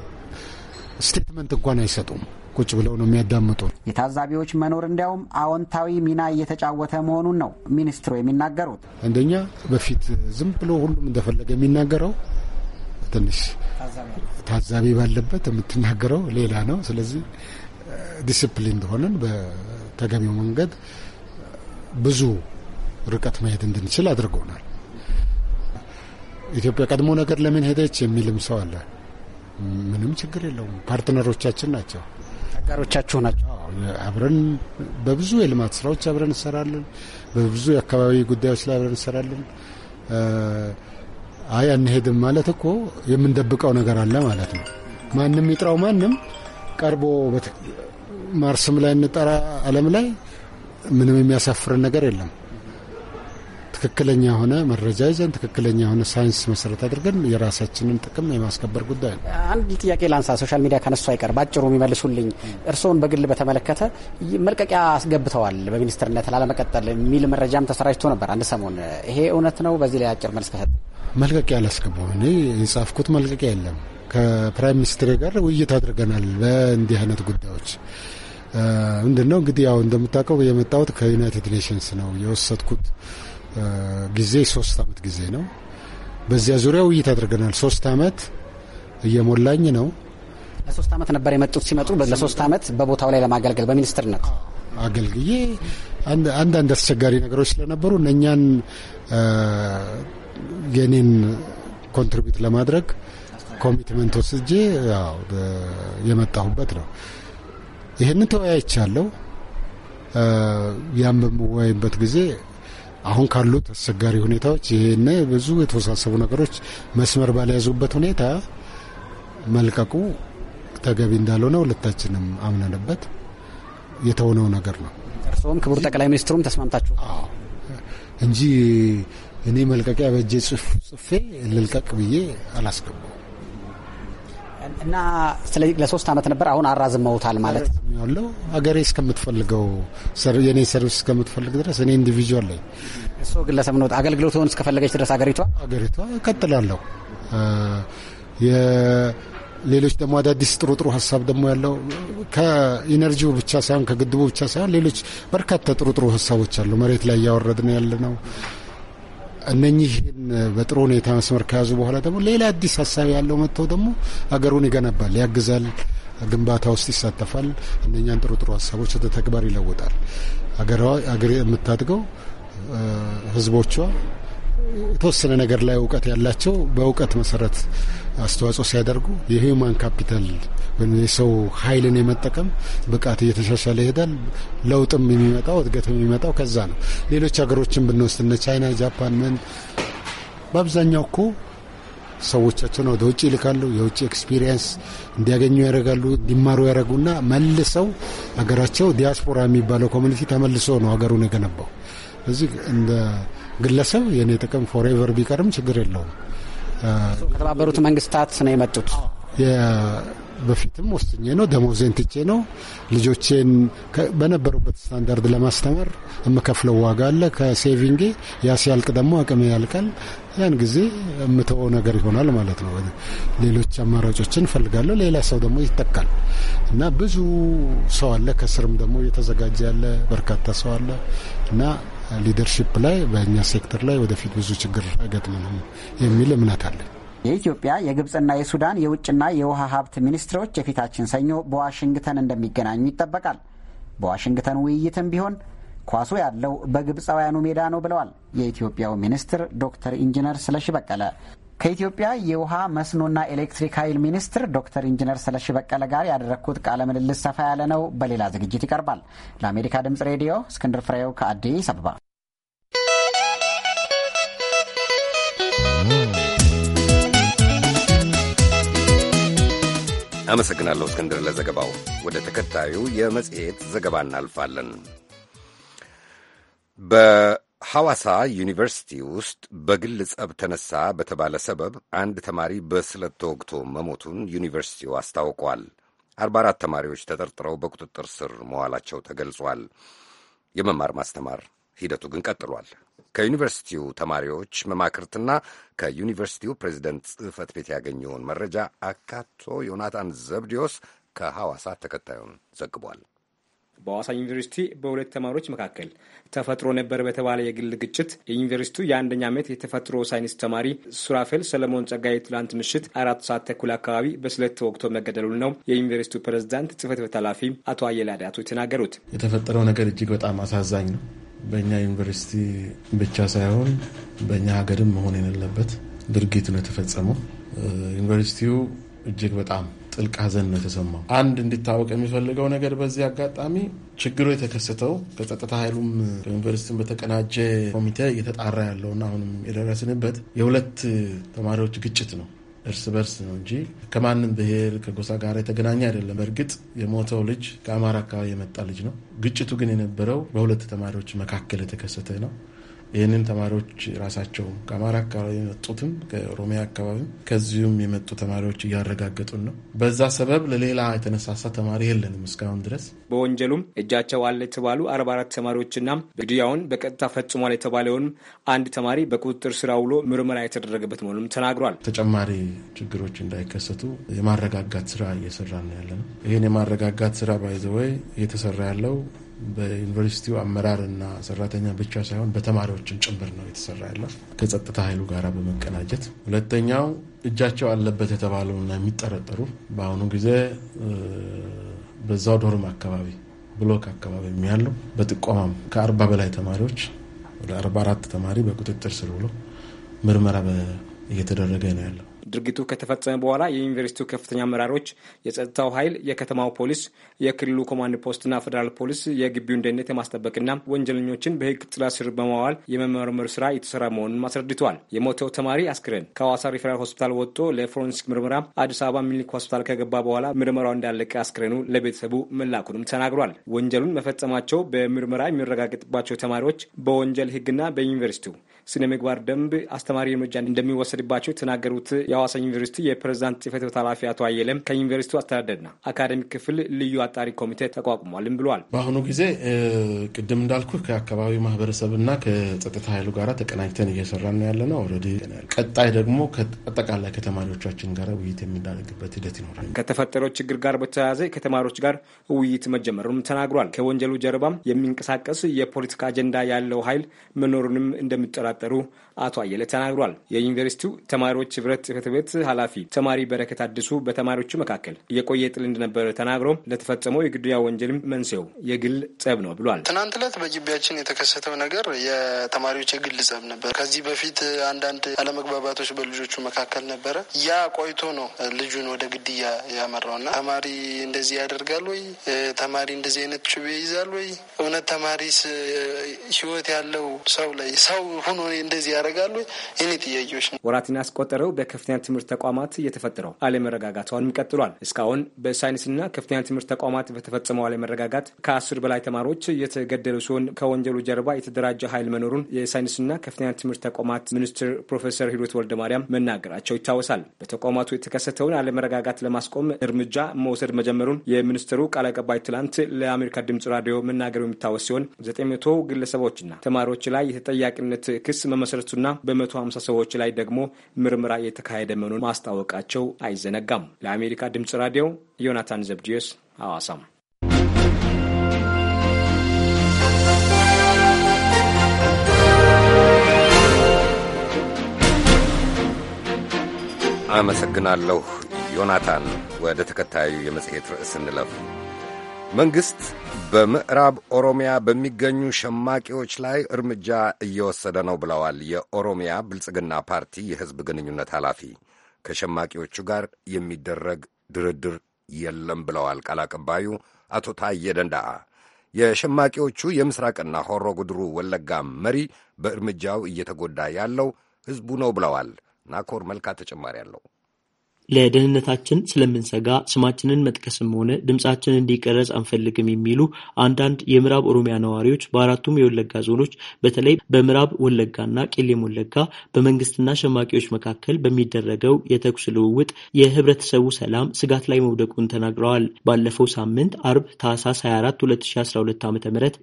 ስቴትመንት እንኳን አይሰጡም። ቁጭ ብለው ነው የሚያዳምጡ። የታዛቢዎች መኖር እንዲያውም አዎንታዊ ሚና እየተጫወተ መሆኑን ነው ሚኒስትሩ የሚናገሩት። አንደኛ በፊት ዝም ብሎ ሁሉም እንደፈለገ የሚናገረው ትንሽ ታዛቢ ባለበት የምትናገረው ሌላ ነው። ስለዚህ ዲስፕሊን እንደሆነን በተገቢው መንገድ ብዙ ርቀት መሄድ እንድንችል አድርጎናል። ኢትዮጵያ ቀድሞ ነገር ለምን ሄደች የሚልም ሰው አለ። ምንም ችግር የለውም። ፓርትነሮቻችን ናቸው፣ አጋሮቻችሁ ናቸው። አብረን በብዙ የልማት ስራዎች አብረን እንሰራለን። በብዙ የአካባቢ ጉዳዮች ላይ አብረን እንሰራለን። አይ አንሄድም ማለት እኮ የምንደብቀው ነገር አለ ማለት ነው። ማንም ይጥራው ማንም ቀርቦ ማርስም ላይ እንጠራ ዓለም ላይ ምንም የሚያሳፍርን ነገር የለም። ትክክለኛ የሆነ መረጃ ይዘን ትክክለኛ የሆነ ሳይንስ መሰረት አድርገን የራሳችንን ጥቅም የማስከበር ጉዳይ ነው። አንድ ጥያቄ ላንሳ። ሶሻል ሚዲያ ከነሱ አይቀር ባጭሩ የሚመልሱልኝ። እርስዎን በግል በተመለከተ መልቀቂያ አስገብተዋል በሚኒስትርነት ላለመቀጠል የሚል መረጃም ተሰራጅቶ ነበር አንድ ሰሞን። ይሄ እውነት ነው? በዚህ ላይ አጭር መልስ ከሰጥ። መልቀቂያ አላስገባውም እኔ የጻፍኩት መልቀቂያ የለም። ከፕራይም ሚኒስትር ጋር ውይይት አድርገናል በእንዲህ አይነት ጉዳዮች ምንድን ነው እንግዲህ ያው እንደምታውቀው የመጣሁት ከዩናይትድ ኔሽንስ ነው። የወሰድኩት ጊዜ ሶስት አመት ጊዜ ነው። በዚያ ዙሪያ ውይይት አድርገናል። ሶስት አመት እየሞላኝ ነው። ለሶስት አመት ነበር የመጡት። ሲመጡ ለሶስት አመት በቦታው ላይ ለማገልገል በሚኒስትርነት አገልግዬ አንዳንድ አስቸጋሪ ነገሮች ስለነበሩ እነኛን የኔን ኮንትሪቢዩት ለማድረግ ኮሚትመንት ወስጄ የመጣሁበት ነው። ይህንን ተወያይቻለሁ። ያም በምወያይበት ጊዜ አሁን ካሉት አስቸጋሪ ሁኔታዎች ይህን ብዙ የተወሳሰቡ ነገሮች መስመር ባልያዙበት ሁኔታ መልቀቁ ተገቢ እንዳልሆነ ሁለታችንም አምነንበት የተሆነው ነገር ነው። እርስዎም ክቡር ጠቅላይ ሚኒስትሩም ተስማምታችሁ እንጂ እኔ መልቀቂያ በእጄ ጽፌ ልልቀቅ ብዬ አላስገባም። እና ስለዚህ ለሶስት ዓመት ነበር። አሁን አራዝመውታል ማለት ያለው ሀገሬ እስከምትፈልገው የእኔ ሰርቪስ እስከምትፈልግ ድረስ እኔ ኢንዲቪዥዋል ላይ እሱ ግለሰብ ነው። አገልግሎት ሆን እስከፈለገች ድረስ አገሪቷ አገሪቷ እቀጥላለሁ። ሌሎች ደግሞ አዳዲስ ጥሩ ጥሩ ሀሳብ ደግሞ ያለው ከኢነርጂው ብቻ ሳይሆን ከግድቡ ብቻ ሳይሆን ሌሎች በርካታ ጥሩ ጥሩ ሀሳቦች አሉ መሬት ላይ እያወረድ ነው ያለ ነው እነኚህን በጥሩ ሁኔታ መስመር ከያዙ በኋላ ደግሞ ሌላ አዲስ ሀሳብ ያለው መጥተው ደግሞ ሀገሩን ይገነባል፣ ያግዛል፣ ግንባታ ውስጥ ይሳተፋል። እነኛን ጥሩ ጥሩ ሀሳቦች ወደ ተግባር ይለውጣል። አገር የምታድገው ህዝቦቿ የተወሰነ ነገር ላይ እውቀት ያላቸው በእውቀት መሰረት አስተዋጽኦ ሲያደርጉ የሂውማን ካፒታል ወይም የሰው ኃይልን የመጠቀም ብቃት እየተሻሻለ ይሄዳል። ለውጥም የሚመጣው እድገትም የሚመጣው ከዛ ነው። ሌሎች ሀገሮችን ብንወስድ እነ ቻይና፣ ጃፓን ምን በአብዛኛው እኮ ሰዎቻቸውን ወደ ውጭ ይልካሉ። የውጭ ኤክስፒሪየንስ እንዲያገኙ ያደርጋሉ፣ እንዲማሩ ያደረጉና መልሰው ሀገራቸው ዲያስፖራ የሚባለው ኮሚኒቲ ተመልሶ ነው ሀገሩን የገነባው። እዚህ እንደ ግለሰብ የእኔ ጥቅም ፎሬቨር ቢቀርም ችግር የለውም። ከተባበሩት መንግስታት ነው የመጡት። በፊትም ወስኜ ነው ደሞዜን ትቼ ነው ልጆቼን በነበሩበት ስታንዳርድ ለማስተማር የምከፍለው ዋጋ አለ ከሴቪንጌ። ያ ሲያልቅ ደግሞ አቅሜ ያልቃል። ያን ጊዜ የምተወው ነገር ይሆናል ማለት ነው። ሌሎች አማራጮችን እፈልጋለሁ። ሌላ ሰው ደግሞ ይጠቃል እና ብዙ ሰው አለ። ከስርም ደግሞ እየተዘጋጀ ያለ በርካታ ሰው አለ እና ሊደርሽፕ ላይ በእኛ ሴክተር ላይ ወደፊት ብዙ ችግር አይገጥመንም የሚል እምነት አለን። የኢትዮጵያ የግብፅና የሱዳን የውጭና የውሃ ሀብት ሚኒስትሮች የፊታችን ሰኞ በዋሽንግተን እንደሚገናኙ ይጠበቃል። በዋሽንግተን ውይይትም ቢሆን ኳሱ ያለው በግብፃውያኑ ሜዳ ነው ብለዋል የኢትዮጵያው ሚኒስትር ዶክተር ኢንጂነር ስለሺ በቀለ። ከኢትዮጵያ የውሃ መስኖና ኤሌክትሪክ ኃይል ሚኒስትር ዶክተር ኢንጂነር ስለሺ በቀለ ጋር ያደረግኩት ቃለ ምልልስ ሰፋ ያለ ነው። በሌላ ዝግጅት ይቀርባል። ለአሜሪካ ድምጽ ሬዲዮ እስክንድር ፍሬው ከአዲስ አበባ። አመሰግናለሁ እስክንድር ለዘገባው። ወደ ተከታዩ የመጽሔት ዘገባ እናልፋለን። ሐዋሳ ዩኒቨርሲቲ ውስጥ በግል ጸብ ተነሳ በተባለ ሰበብ አንድ ተማሪ በስለት ተወግቶ መሞቱን ዩኒቨርሲቲው አስታውቋል። አርባ አራት ተማሪዎች ተጠርጥረው በቁጥጥር ስር መዋላቸው ተገልጿል። የመማር ማስተማር ሂደቱ ግን ቀጥሏል። ከዩኒቨርሲቲው ተማሪዎች መማክርትና ከዩኒቨርሲቲው ፕሬዚደንት ጽህፈት ቤት ያገኘውን መረጃ አካቶ ዮናታን ዘብዲዮስ ከሐዋሳ ተከታዩን ዘግቧል። በሐዋሳ ዩኒቨርሲቲ በሁለት ተማሪዎች መካከል ተፈጥሮ ነበር በተባለ የግል ግጭት የዩኒቨርሲቲው የአንደኛ ዓመት የተፈጥሮ ሳይንስ ተማሪ ሱራፌል ሰለሞን ጸጋይ ትላንት ምሽት አራት ሰዓት ተኩል አካባቢ በስለት ተወግቶ መገደሉን ነው የዩኒቨርሲቲው ፕሬዝዳንት ጽህፈት ቤት ኃላፊ አቶ አየላ አዳቶ የተናገሩት። የተፈጠረው ነገር እጅግ በጣም አሳዛኝ ነው። በእኛ ዩኒቨርሲቲ ብቻ ሳይሆን በእኛ ሀገርም መሆን የሌለበት ድርጊት ነው የተፈጸመው። ዩኒቨርሲቲው እጅግ በጣም ጥልቅ ሐዘን ነው የተሰማው። አንድ እንዲታወቅ የሚፈልገው ነገር በዚህ አጋጣሚ ችግሩ የተከሰተው ከጸጥታ ኃይሉም ከዩኒቨርሲቲም በተቀናጀ ኮሚቴ እየተጣራ ያለውና አሁንም የደረስንበት የሁለት ተማሪዎች ግጭት ነው። እርስ በርስ ነው እንጂ ከማንም ብሔር ከጎሳ ጋር የተገናኘ አይደለም። በእርግጥ የሞተው ልጅ ከአማራ አካባቢ የመጣ ልጅ ነው። ግጭቱ ግን የነበረው በሁለት ተማሪዎች መካከል የተከሰተ ነው። ይህንን ተማሪዎች ራሳቸው ከአማራ አካባቢ የመጡትም ከኦሮሚያ አካባቢ ከዚሁም የመጡ ተማሪዎች እያረጋገጡን ነው። በዛ ሰበብ ለሌላ የተነሳሳ ተማሪ የለንም እስካሁን ድረስ። በወንጀሉም እጃቸው አለ የተባሉ አርባ አራት ተማሪዎችና ግድያውን በቀጥታ ፈጽሟል የተባለውን አንድ ተማሪ በቁጥጥር ስር ውሎ ምርመራ የተደረገበት መሆኑም ተናግሯል። ተጨማሪ ችግሮች እንዳይከሰቱ የማረጋጋት ስራ እየሰራ ነው ያለ ነው። ይህን የማረጋጋት ስራ ባይዘወይ እየተሰራ ያለው በዩኒቨርሲቲው አመራር እና ሰራተኛ ብቻ ሳይሆን በተማሪዎችም ጭምር ነው የተሰራ ያለ ከጸጥታ ኃይሉ ጋር በመቀናጀት። ሁለተኛው እጃቸው አለበት የተባለውና የሚጠረጠሩ በአሁኑ ጊዜ በዛው ዶርም አካባቢ ብሎክ አካባቢ የሚያለው በጥቆማም ከአርባ በላይ ተማሪዎች ወደ አርባ አራት ተማሪ በቁጥጥር ስር ብሎ ምርመራ እየተደረገ ነው ያለው። ድርጊቱ ከተፈጸመ በኋላ የዩኒቨርሲቲው ከፍተኛ አመራሮች፣ የጸጥታው ኃይል፣ የከተማው ፖሊስ፣ የክልሉ ኮማንድ ፖስትና ፌዴራል ፖሊስ የግቢውን ደህንነት የማስጠበቅና ወንጀለኞችን በህግ ጥላ ስር በማዋል የመመርመር ስራ የተሰራ መሆኑን አስረድተዋል። የሞተው ተማሪ አስክሬን ከሐዋሳ ሪፈራል ሆስፒታል ወጥቶ ለፎረንሲክ ምርመራ አዲስ አበባ ሚኒሊክ ሆስፒታል ከገባ በኋላ ምርመራው እንዳለቀ አስክሬኑ ለቤተሰቡ መላኩንም ተናግሯል። ወንጀሉን መፈጸማቸው በምርመራ የሚረጋገጥባቸው ተማሪዎች በወንጀል ህግና በዩኒቨርሲቲው ስነ ምግባር ደንብ አስተማሪ እርምጃ እንደሚወሰድባቸው የተናገሩት የሐዋሳ ዩኒቨርሲቲ የፕሬዝዳንት ጽህፈት ቤት ኃላፊ አቶ አየለም ከዩኒቨርሲቲው አስተዳደርና አካደሚክ ክፍል ልዩ አጣሪ ኮሚቴ ተቋቁሟልም ብሏል። በአሁኑ ጊዜ ቅድም እንዳልኩ ከአካባቢ ማህበረሰብና ከጸጥታ ኃይሉ ጋር ተቀናጅተን እየሰራ ነው ያለ ነው። ቀጣይ ደግሞ አጠቃላይ ከተማሪዎቻችን ጋር ውይይት የሚናደርግበት ሂደት ይኖራል። ከተፈጠረው ችግር ጋር በተያያዘ ከተማሪዎች ጋር ውይይት መጀመሩንም ተናግሯል። ከወንጀሉ ጀርባም የሚንቀሳቀስ የፖለቲካ አጀንዳ ያለው ኃይል መኖሩንም እንደሚጠራ ሲቆጣጠሩ አቶ አየለ ተናግሯል። የዩኒቨርሲቲው ተማሪዎች ህብረት ጽህፈት ቤት ኃላፊ ተማሪ በረከት አድሱ በተማሪዎቹ መካከል የቆየ ጥል እንደነበረ ተናግሮ ለተፈጸመው የግድያ ወንጀልም መንስኤው የግል ጸብ ነው ብሏል። ትናንት ዕለት በግቢያችን የተከሰተው ነገር የተማሪዎች የግል ጸብ ነበር። ከዚህ በፊት አንዳንድ አለመግባባቶች በልጆቹ መካከል ነበረ። ያ ቆይቶ ነው ልጁን ወደ ግድያ ያመራውና ተማሪ እንደዚህ ያደርጋል ወይ? ተማሪ እንደዚህ አይነት ጩቤ ይዛል ወይ? እውነት ተማሪስ ህይወት ያለው ሰው ላይ ሰው ሁኖ እንደዚህ ያደርጋሉ። እኔ ጥያቄዎች ወራትን ያስቆጠረው በከፍተኛ ትምህርት ተቋማት እየተፈጠረው አለመረጋጋቷንም ቀጥሏል። እስካሁን በሳይንስና ከፍተኛ ትምህርት ተቋማት በተፈጸመው አለመረጋጋት ከአስር በላይ ተማሪዎች የተገደሉ ሲሆን ከወንጀሉ ጀርባ የተደራጀ ኃይል መኖሩን የሳይንስና ከፍተኛ ትምህርት ተቋማት ሚኒስትር ፕሮፌሰር ሂሩት ወልደ ማርያም መናገራቸው ይታወሳል። በተቋማቱ የተከሰተውን አለመረጋጋት ለማስቆም እርምጃ መውሰድ መጀመሩን የሚኒስትሩ ቃል አቀባይ ትላንት ለአሜሪካ ድምጽ ራዲዮ መናገሩ የሚታወስ ሲሆን ዘጠኝ መቶ ግለሰቦችና ተማሪዎች ላይ የተጠያቂነት ክስ መመሰረቱ እንደደረሱና በ150 ሰዎች ላይ ደግሞ ምርመራ የተካሄደ መሆኑን ማስታወቃቸው አይዘነጋም። ለአሜሪካ ድምጽ ራዲዮ ዮናታን ዘብዲዮስ አዋሳም። አመሰግናለሁ ዮናታን። ወደ ተከታዩ የመጽሔት ርዕስ እንለፍ። መንግሥት በምዕራብ ኦሮሚያ በሚገኙ ሸማቂዎች ላይ እርምጃ እየወሰደ ነው ብለዋል የኦሮሚያ ብልጽግና ፓርቲ የሕዝብ ግንኙነት ኃላፊ። ከሸማቂዎቹ ጋር የሚደረግ ድርድር የለም ብለዋል ቃል አቀባዩ አቶ ታዬ ደንዳአ። የሸማቂዎቹ የምስራቅና ሆሮ ጉድሩ ወለጋ መሪ በእርምጃው እየተጎዳ ያለው ሕዝቡ ነው ብለዋል። ናኮር መልካ ተጨማሪ አለው። ለደህንነታችን ስለምንሰጋ ስማችንን መጥቀስም ሆነ ድምፃችን እንዲቀረጽ አንፈልግም የሚሉ አንዳንድ የምዕራብ ኦሮሚያ ነዋሪዎች በአራቱም የወለጋ ዞኖች በተለይ በምዕራብ ወለጋና ቄሌም ወለጋ በመንግስትና ሸማቂዎች መካከል በሚደረገው የተኩስ ልውውጥ የህብረተሰቡ ሰላም ስጋት ላይ መውደቁን ተናግረዋል። ባለፈው ሳምንት አርብ ታህሳስ 24 2012 ዓ ም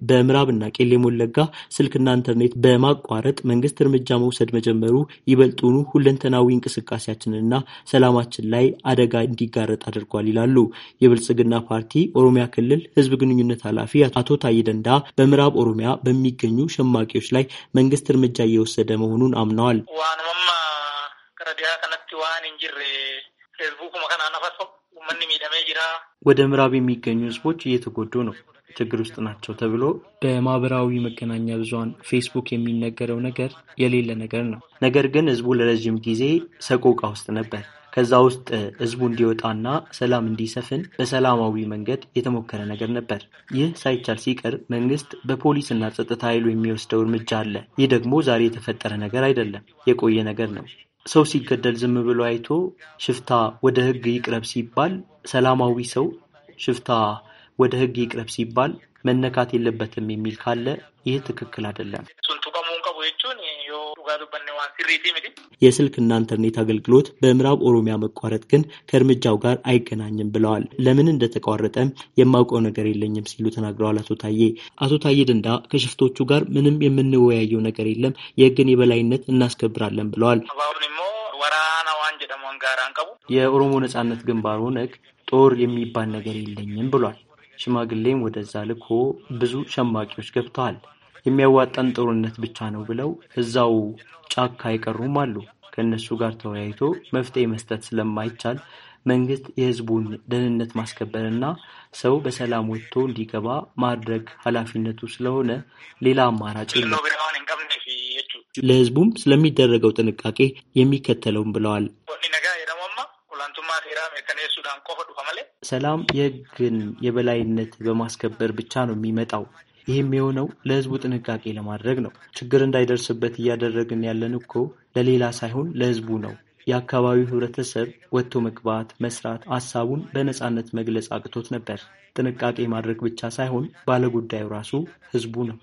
በምዕራብና ቄሌም ወለጋ ስልክና ኢንተርኔት በማቋረጥ መንግስት እርምጃ መውሰድ መጀመሩ ይበልጡኑ ሁለንተናዊ እንቅስቃሴያችንና ሰላማችን በህዝባችን ላይ አደጋ እንዲጋረጥ አድርጓል ይላሉ። የብልጽግና ፓርቲ ኦሮሚያ ክልል ህዝብ ግንኙነት ኃላፊ አቶ ታዬ ደንዳ በምዕራብ ኦሮሚያ በሚገኙ ሸማቂዎች ላይ መንግስት እርምጃ እየወሰደ መሆኑን አምነዋል። ወደ ምዕራብ የሚገኙ ህዝቦች እየተጎዱ ነው ችግር ውስጥ ናቸው ተብሎ በማህበራዊ መገናኛ ብዙኃን ፌስቡክ የሚነገረው ነገር የሌለ ነገር ነው። ነገር ግን ህዝቡ ለረዥም ጊዜ ሰቆቃ ውስጥ ነበር። ከዛ ውስጥ ህዝቡ እንዲወጣና ሰላም እንዲሰፍን በሰላማዊ መንገድ የተሞከረ ነገር ነበር። ይህ ሳይቻል ሲቀር መንግስት በፖሊስና ጸጥታ ኃይሉ የሚወስደው እርምጃ አለ። ይህ ደግሞ ዛሬ የተፈጠረ ነገር አይደለም፣ የቆየ ነገር ነው። ሰው ሲገደል ዝም ብሎ አይቶ ሽፍታ ወደ ህግ ይቅረብ ሲባል ሰላማዊ ሰው ሽፍታ ወደ ህግ ይቅረብ ሲባል መነካት የለበትም የሚል ካለ ይህ ትክክል አይደለም። የስልክና ኢንተርኔት አገልግሎት በምዕራብ ኦሮሚያ መቋረጥ ግን ከእርምጃው ጋር አይገናኝም ብለዋል። ለምን እንደተቋረጠም የማውቀው ነገር የለኝም ሲሉ ተናግረዋል። አቶ ታዬ አቶ ታዬ ድንዳ ከሽፍቶቹ ጋር ምንም የምንወያየው ነገር የለም፣ የህግን የበላይነት እናስከብራለን ብለዋል። የኦሮሞ ነጻነት ግንባር ኦነግ ጦር የሚባል ነገር የለኝም ብሏል። ሽማግሌም ወደዛ ልኮ ብዙ ሸማቂዎች ገብተዋል። የሚያዋጣን ጦርነት ብቻ ነው ብለው እዛው ጫካ አይቀሩም አሉ። ከእነሱ ጋር ተወያይቶ መፍትሄ መስጠት ስለማይቻል መንግስት የህዝቡን ደህንነት ማስከበርና ሰው በሰላም ወጥቶ እንዲገባ ማድረግ ኃላፊነቱ ስለሆነ ሌላ አማራጭ የለም። ለህዝቡም ስለሚደረገው ጥንቃቄ የሚከተለውም ብለዋል። ሰላም የህግን የበላይነት በማስከበር ብቻ ነው የሚመጣው። ይህም የሆነው ለህዝቡ ጥንቃቄ ለማድረግ ነው። ችግር እንዳይደርስበት እያደረግን ያለን እኮ ለሌላ ሳይሆን ለህዝቡ ነው። የአካባቢው ህብረተሰብ ወጥቶ መግባት፣ መስራት፣ ሀሳቡን በነፃነት መግለጽ አቅቶት ነበር። ጥንቃቄ ማድረግ ብቻ ሳይሆን ባለጉዳዩ ራሱ ህዝቡ ነው።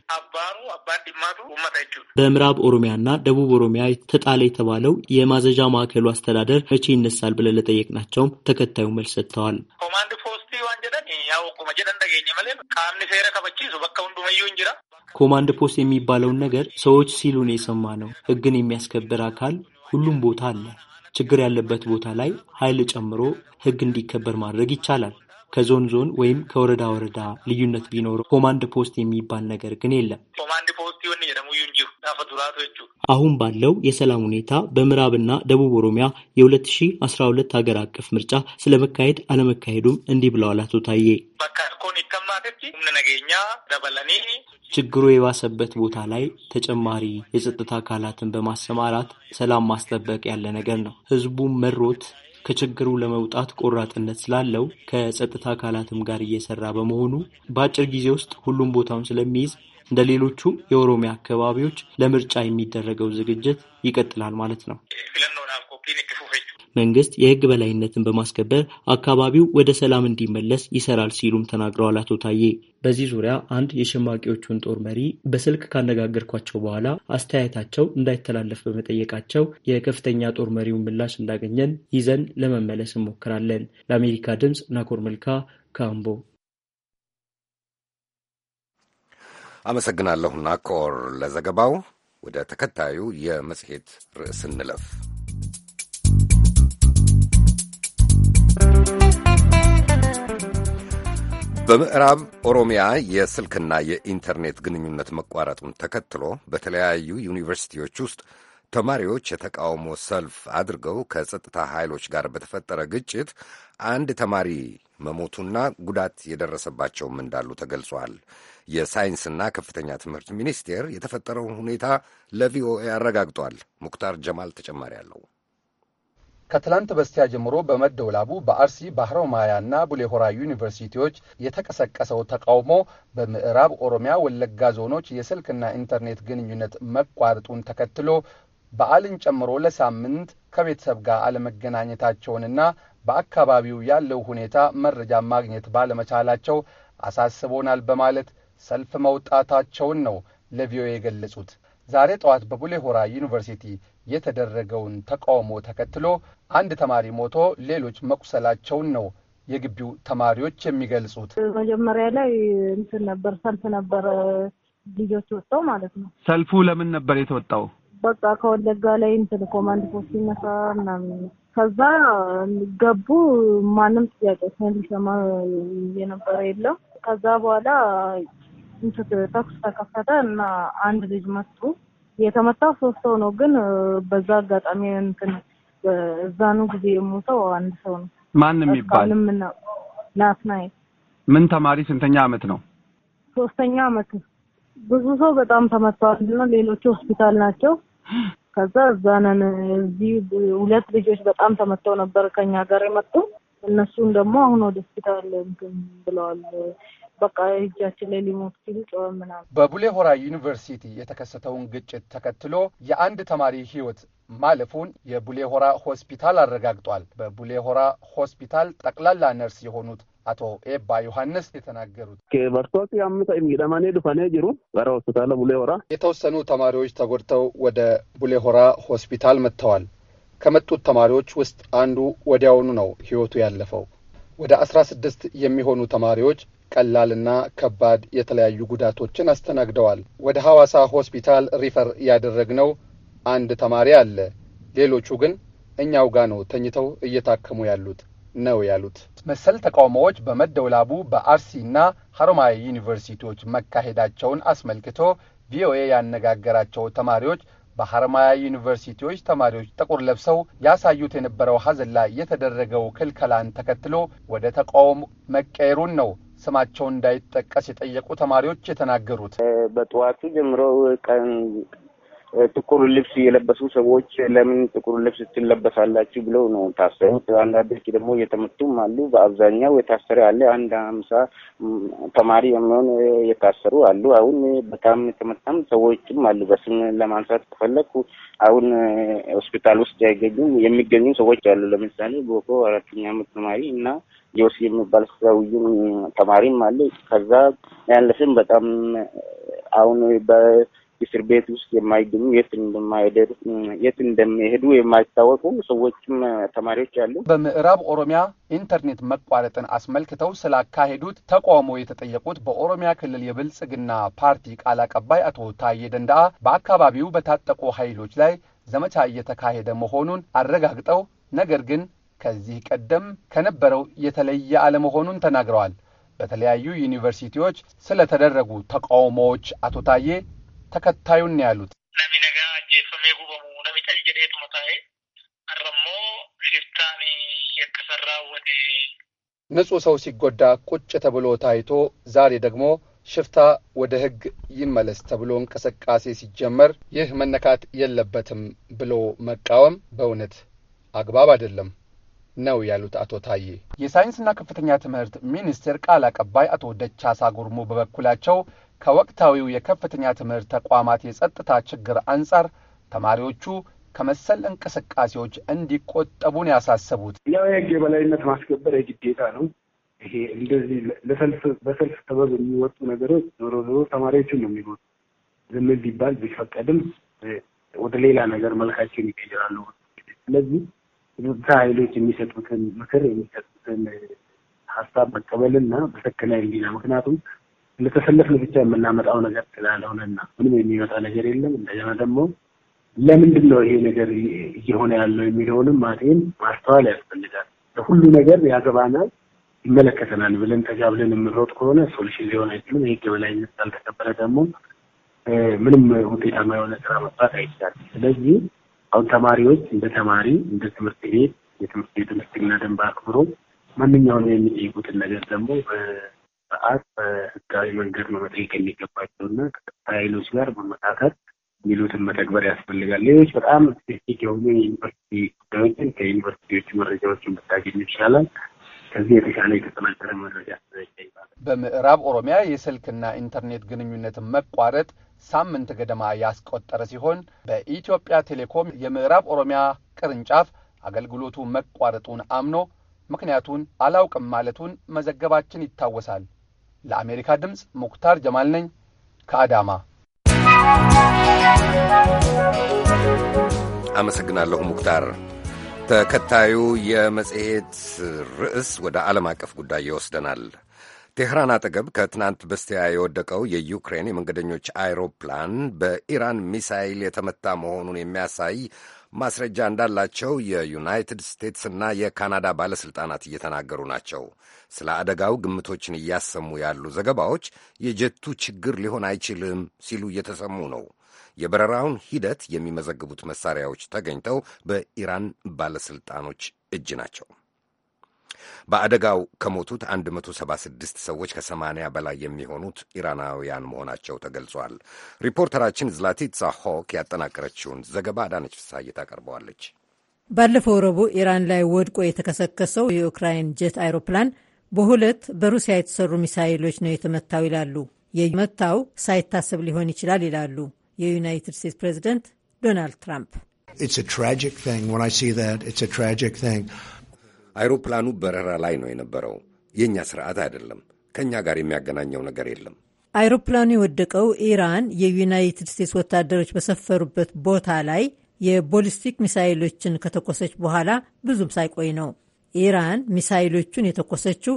በምዕራብ ኦሮሚያና ደቡብ ኦሮሚያ ተጣለ የተባለው የማዘዣ ማዕከሉ አስተዳደር መቼ ይነሳል ብለን ለጠየቅናቸውም ተከታዩ መልስ ሰጥተዋል። ኮማንድ ፖስቲ ዋንጀለ ኮማንድ ፖስት የሚባለውን ነገር ሰዎች ሲሉን የሰማ ነው። ህግን የሚያስከብር አካል ሁሉም ቦታ አለ። ችግር ያለበት ቦታ ላይ ኃይል ጨምሮ ህግ እንዲከበር ማድረግ ይቻላል። ከዞን ዞን ወይም ከወረዳ ወረዳ ልዩነት ቢኖረው ኮማንድ ፖስት የሚባል ነገር ግን የለም። አሁን ባለው የሰላም ሁኔታ በምዕራብና ደቡብ ኦሮሚያ የ2012 ሀገር አቀፍ ምርጫ ስለመካሄድ አለመካሄዱም እንዲህ ብለዋል አቶ ታዬ። ችግሩ የባሰበት ቦታ ላይ ተጨማሪ የጸጥታ አካላትን በማሰማራት ሰላም ማስጠበቅ ያለ ነገር ነው። ህዝቡም መሮት ከችግሩ ለመውጣት ቆራጥነት ስላለው ከጸጥታ አካላትም ጋር እየሰራ በመሆኑ በአጭር ጊዜ ውስጥ ሁሉም ቦታውን ስለሚይዝ እንደ ሌሎቹ የኦሮሚያ አካባቢዎች ለምርጫ የሚደረገው ዝግጅት ይቀጥላል ማለት ነው። መንግስት የህግ በላይነትን በማስከበር አካባቢው ወደ ሰላም እንዲመለስ ይሰራል ሲሉም ተናግረዋል አቶ ታዬ። በዚህ ዙሪያ አንድ የሸማቂዎቹን ጦር መሪ በስልክ ካነጋገርኳቸው በኋላ አስተያየታቸው እንዳይተላለፍ በመጠየቃቸው የከፍተኛ ጦር መሪውን ምላሽ እንዳገኘን ይዘን ለመመለስ እንሞክራለን። ለአሜሪካ ድምፅ ናኮር መልካ ካምቦ አመሰግናለሁ ናኮር ለዘገባው። ወደ ተከታዩ የመጽሔት ርዕስ እንለፍ። በምዕራብ ኦሮሚያ የስልክና የኢንተርኔት ግንኙነት መቋረጡን ተከትሎ በተለያዩ ዩኒቨርሲቲዎች ውስጥ ተማሪዎች የተቃውሞ ሰልፍ አድርገው ከጸጥታ ኃይሎች ጋር በተፈጠረ ግጭት አንድ ተማሪ መሞቱና ጉዳት የደረሰባቸውም እንዳሉ ተገልጿል። የሳይንስና ከፍተኛ ትምህርት ሚኒስቴር የተፈጠረውን ሁኔታ ለቪኦኤ አረጋግጧል። ሙክታር ጀማል ተጨማሪ አለው። ከትላንት በስቲያ ጀምሮ በመደውላቡ በአርሲ ባህረ ማያና ቡሌሆራ ዩኒቨርሲቲዎች የተቀሰቀሰው ተቃውሞ በምዕራብ ኦሮሚያ ወለጋ ዞኖች የስልክና ኢንተርኔት ግንኙነት መቋረጡን ተከትሎ በዓልን ጨምሮ ለሳምንት ከቤተሰብ ጋር አለመገናኘታቸውንና በአካባቢው ያለው ሁኔታ መረጃ ማግኘት ባለመቻላቸው አሳስቦናል በማለት ሰልፍ መውጣታቸውን ነው ለቪኦኤ የገለጹት። ዛሬ ጠዋት በቡሌሆራ ዩኒቨርሲቲ የተደረገውን ተቃውሞ ተከትሎ አንድ ተማሪ ሞቶ ሌሎች መቁሰላቸውን ነው የግቢው ተማሪዎች የሚገልጹት። መጀመሪያ ላይ እንትን ነበር፣ ሰልፍ ነበር ልጆች ወጣው ማለት ነው። ሰልፉ ለምን ነበር የተወጣው? በቃ ከወለጋ ላይ እንትን ኮማንድ ፖስት ይነሳ ምናምን ከዛ ገቡ። ማንም ጥያቄ ሊሰማ የነበረ የለም። ከዛ በኋላ ተኩስ ተከፈተ እና አንድ ልጅ መጡ። የተመታው ሶስት ሰው ነው፣ ግን በዛ አጋጣሚ እንትን እዛኑ ጊዜ የሞተው አንድ ሰው ነው። ማን የሚባል ናትናኤል። ምን ተማሪ ስንተኛ አመት ነው? ሶስተኛ አመት። ብዙ ሰው በጣም ተመቷል እና ሌሎቹ ሆስፒታል ናቸው። ከዛ እዛ ነን። እዚህ ሁለት ልጆች በጣም ተመተው ነበር ከኛ ጋር የመጡ እነሱን ደግሞ አሁን ወደ ሆስፒታል እንትን ብለዋል። በቃ እጃችን ላይ ሊሞት ሲሉ ጮኸ ምናምን። በቡሌ ሆራ ዩኒቨርሲቲ የተከሰተውን ግጭት ተከትሎ የአንድ ተማሪ ህይወት ማለፉን የቡሌ ሆራ ሆስፒታል አረጋግጧል። በቡሌ ሆራ ሆስፒታል ጠቅላላ ነርስ የሆኑት አቶ ኤባ ዮሐንስ የተናገሩት በርቶት አምሳ ሚዳማኔ ዱፋኔ ጅሩ ራ ሆስፒታል ቡሌ ሆራ የተወሰኑ ተማሪዎች ተጎድተው ወደ ቡሌ ሆራ ሆስፒታል መጥተዋል። ከመጡት ተማሪዎች ውስጥ አንዱ ወዲያውኑ ነው ህይወቱ ያለፈው። ወደ አስራ ስድስት የሚሆኑ ተማሪዎች ቀላልና ከባድ የተለያዩ ጉዳቶችን አስተናግደዋል። ወደ ሐዋሳ ሆስፒታል ሪፈር ያደረግነው አንድ ተማሪ አለ። ሌሎቹ ግን እኛው ጋ ነው ተኝተው እየታከሙ ያሉት ነው ያሉት። መሰል ተቃውሞዎች በመደውላቡ በአርሲና ሐረማያ ዩኒቨርሲቲዎች መካሄዳቸውን አስመልክቶ ቪኦኤ ያነጋገራቸው ተማሪዎች በሐረማያ ዩኒቨርሲቲዎች ተማሪዎች ጥቁር ለብሰው ያሳዩት የነበረው ሐዘን ላይ የተደረገው ክልከላን ተከትሎ ወደ ተቃውሞ መቀየሩን ነው ስማቸው እንዳይጠቀስ የጠየቁ ተማሪዎች የተናገሩት በጠዋቱ ጀምሮ ቀን ጥቁር ልብስ የለበሱ ሰዎች ለምን ጥቁር ልብስ ትለበሳላችሁ ብለው ነው ታሰሩት። አንዳንዶች ደግሞ እየተመቱም አሉ። በአብዛኛው የታሰረ አለ። አንድ ሀምሳ ተማሪ የሚሆን የታሰሩ አሉ። አሁን በጣም የተመታም ሰዎችም አሉ። በስም ለማንሳት ከፈለኩ አሁን ሆስፒታል ውስጥ ያገኙ የሚገኙ ሰዎች አሉ። ለምሳሌ ቦኮ አራተኛ አመት ተማሪ እና ዮሲ የሚባል ሰውዬም ተማሪም አለ። ከዛ ያለፍም በጣም አሁን በእስር ቤት ውስጥ የማይገኙ የት እንደማይደር የት እንደሚሄዱ የማይታወቁ ሰዎችም ተማሪዎች አሉ። በምዕራብ ኦሮሚያ ኢንተርኔት መቋረጥን አስመልክተው ስላካሄዱት ተቃውሞ የተጠየቁት በኦሮሚያ ክልል የብልጽግና ፓርቲ ቃል አቀባይ አቶ ታዬ ደንዳአ በአካባቢው በታጠቁ ኃይሎች ላይ ዘመቻ እየተካሄደ መሆኑን አረጋግጠው ነገር ግን ከዚህ ቀደም ከነበረው የተለየ አለመሆኑን ተናግረዋል። በተለያዩ ዩኒቨርሲቲዎች ስለተደረጉ ተቃውሞዎች አቶ ታዬ ተከታዩን ያሉት ንጹህ ሰው ሲጎዳ ቁጭ ተብሎ ታይቶ ዛሬ ደግሞ ሽፍታ ወደ ሕግ ይመለስ ተብሎ እንቅስቃሴ ሲጀመር ይህ መነካት የለበትም ብሎ መቃወም በእውነት አግባብ አይደለም። ነው ያሉት አቶ ታዬ። የሳይንስና ከፍተኛ ትምህርት ሚኒስቴር ቃል አቀባይ አቶ ደቻሳ ጉርሙ በበኩላቸው ከወቅታዊው የከፍተኛ ትምህርት ተቋማት የጸጥታ ችግር አንጻር ተማሪዎቹ ከመሰል እንቅስቃሴዎች እንዲቆጠቡን ያሳሰቡት ያው የህግ የበላይነት ማስከበር የግዴታ ነው። ይሄ እንደዚህ ለሰልፍ በሰልፍ ሰበብ የሚወጡ ነገሮች ዞሮ ዞሮ ተማሪዎችን ነው የሚጎዱ። ዝም ቢባል ቢፈቀድም ወደ ሌላ ነገር መልካቸውን ይቀይራሉ። ስለዚህ የጸጥታ ኃይሎች የሚሰጡትን ምክር የሚሰጡትን ሀሳብ መቀበልና በሰከነ ሕሊና ምክንያቱም ለተሰለፍን ብቻ የምናመጣው ነገር ስላልሆነና ምንም የሚመጣ ነገር የለም። እንደገና ደግሞ ለምንድን ነው ይሄ ነገር እየሆነ ያለው የሚለውንም ማቴን ማስተዋል ያስፈልጋል። ለሁሉ ነገር ያገባናል፣ ይመለከተናል ብለን ተጋብለን የምንሮጥ ከሆነ ሶሉሽን ሊሆን አይችልም። ይህ የበላይነት ካልተከበረ ደግሞ ምንም ውጤታማ የሆነ ስራ መስራት አይቻልም። ስለዚህ አሁን ተማሪዎች እንደ ተማሪ እንደ ትምህርት ቤት የትምህርት ቤት ሕግና ደንብ አክብሮ ማንኛውም የሚጠይቁትን ነገር ደግሞ በሰዓት በህጋዊ መንገድ ነው መጠየቅ የሚገባቸው እና ከጸጥታ ኃይሎች ጋር በመካከል የሚሉትን መተግበር ያስፈልጋል። ሌሎች በጣም ስፔሲፊክ የሆኑ የዩኒቨርሲቲ ጉዳዮችን ከዩኒቨርሲቲዎች መረጃዎችን ብታገኙ ይቻላል። ከዚህ የተሻለ የተጠናከረ መረጃ በምዕራብ ኦሮሚያ የስልክና ኢንተርኔት ግንኙነት መቋረጥ ሳምንት ገደማ ያስቆጠረ ሲሆን በኢትዮጵያ ቴሌኮም የምዕራብ ኦሮሚያ ቅርንጫፍ አገልግሎቱ መቋረጡን አምኖ ምክንያቱን አላውቅም ማለቱን መዘገባችን ይታወሳል። ለአሜሪካ ድምፅ ሙክታር ጀማል ነኝ ከአዳማ። አመሰግናለሁ ሙክታር። ተከታዩ የመጽሔት ርዕስ ወደ ዓለም አቀፍ ጉዳይ ይወስደናል። ቴህራን አጠገብ ከትናንት በስቲያ የወደቀው የዩክሬን የመንገደኞች አይሮፕላን በኢራን ሚሳይል የተመታ መሆኑን የሚያሳይ ማስረጃ እንዳላቸው የዩናይትድ ስቴትስና የካናዳ ባለሥልጣናት እየተናገሩ ናቸው። ስለ አደጋው ግምቶችን እያሰሙ ያሉ ዘገባዎች የጀቱ ችግር ሊሆን አይችልም ሲሉ እየተሰሙ ነው። የበረራውን ሂደት የሚመዘግቡት መሳሪያዎች ተገኝተው በኢራን ባለሥልጣኖች እጅ ናቸው። በአደጋው ከሞቱት 176 ሰዎች ከ80 በላይ የሚሆኑት ኢራናውያን መሆናቸው ተገልጿል። ሪፖርተራችን ዝላቲትሳ ሆክ ያጠናቀረችውን ዘገባ አዳነች ፍሳይ ታቀርበዋለች። ባለፈው ረቡዕ ኢራን ላይ ወድቆ የተከሰከሰው የዩክራይን ጀት አይሮፕላን በሁለት በሩሲያ የተሰሩ ሚሳይሎች ነው የተመታው ይላሉ። የመታው ሳይታሰብ ሊሆን ይችላል ይላሉ የዩናይትድ ስቴትስ ፕሬዝደንት ዶናልድ ትራምፕ። አይሮፕላኑ በረራ ላይ ነው የነበረው። የእኛ ስርዓት አይደለም። ከእኛ ጋር የሚያገናኘው ነገር የለም። አይሮፕላኑ የወደቀው ኢራን የዩናይትድ ስቴትስ ወታደሮች በሰፈሩበት ቦታ ላይ የቦሊስቲክ ሚሳይሎችን ከተኮሰች በኋላ ብዙም ሳይቆይ ነው። ኢራን ሚሳይሎቹን የተኮሰችው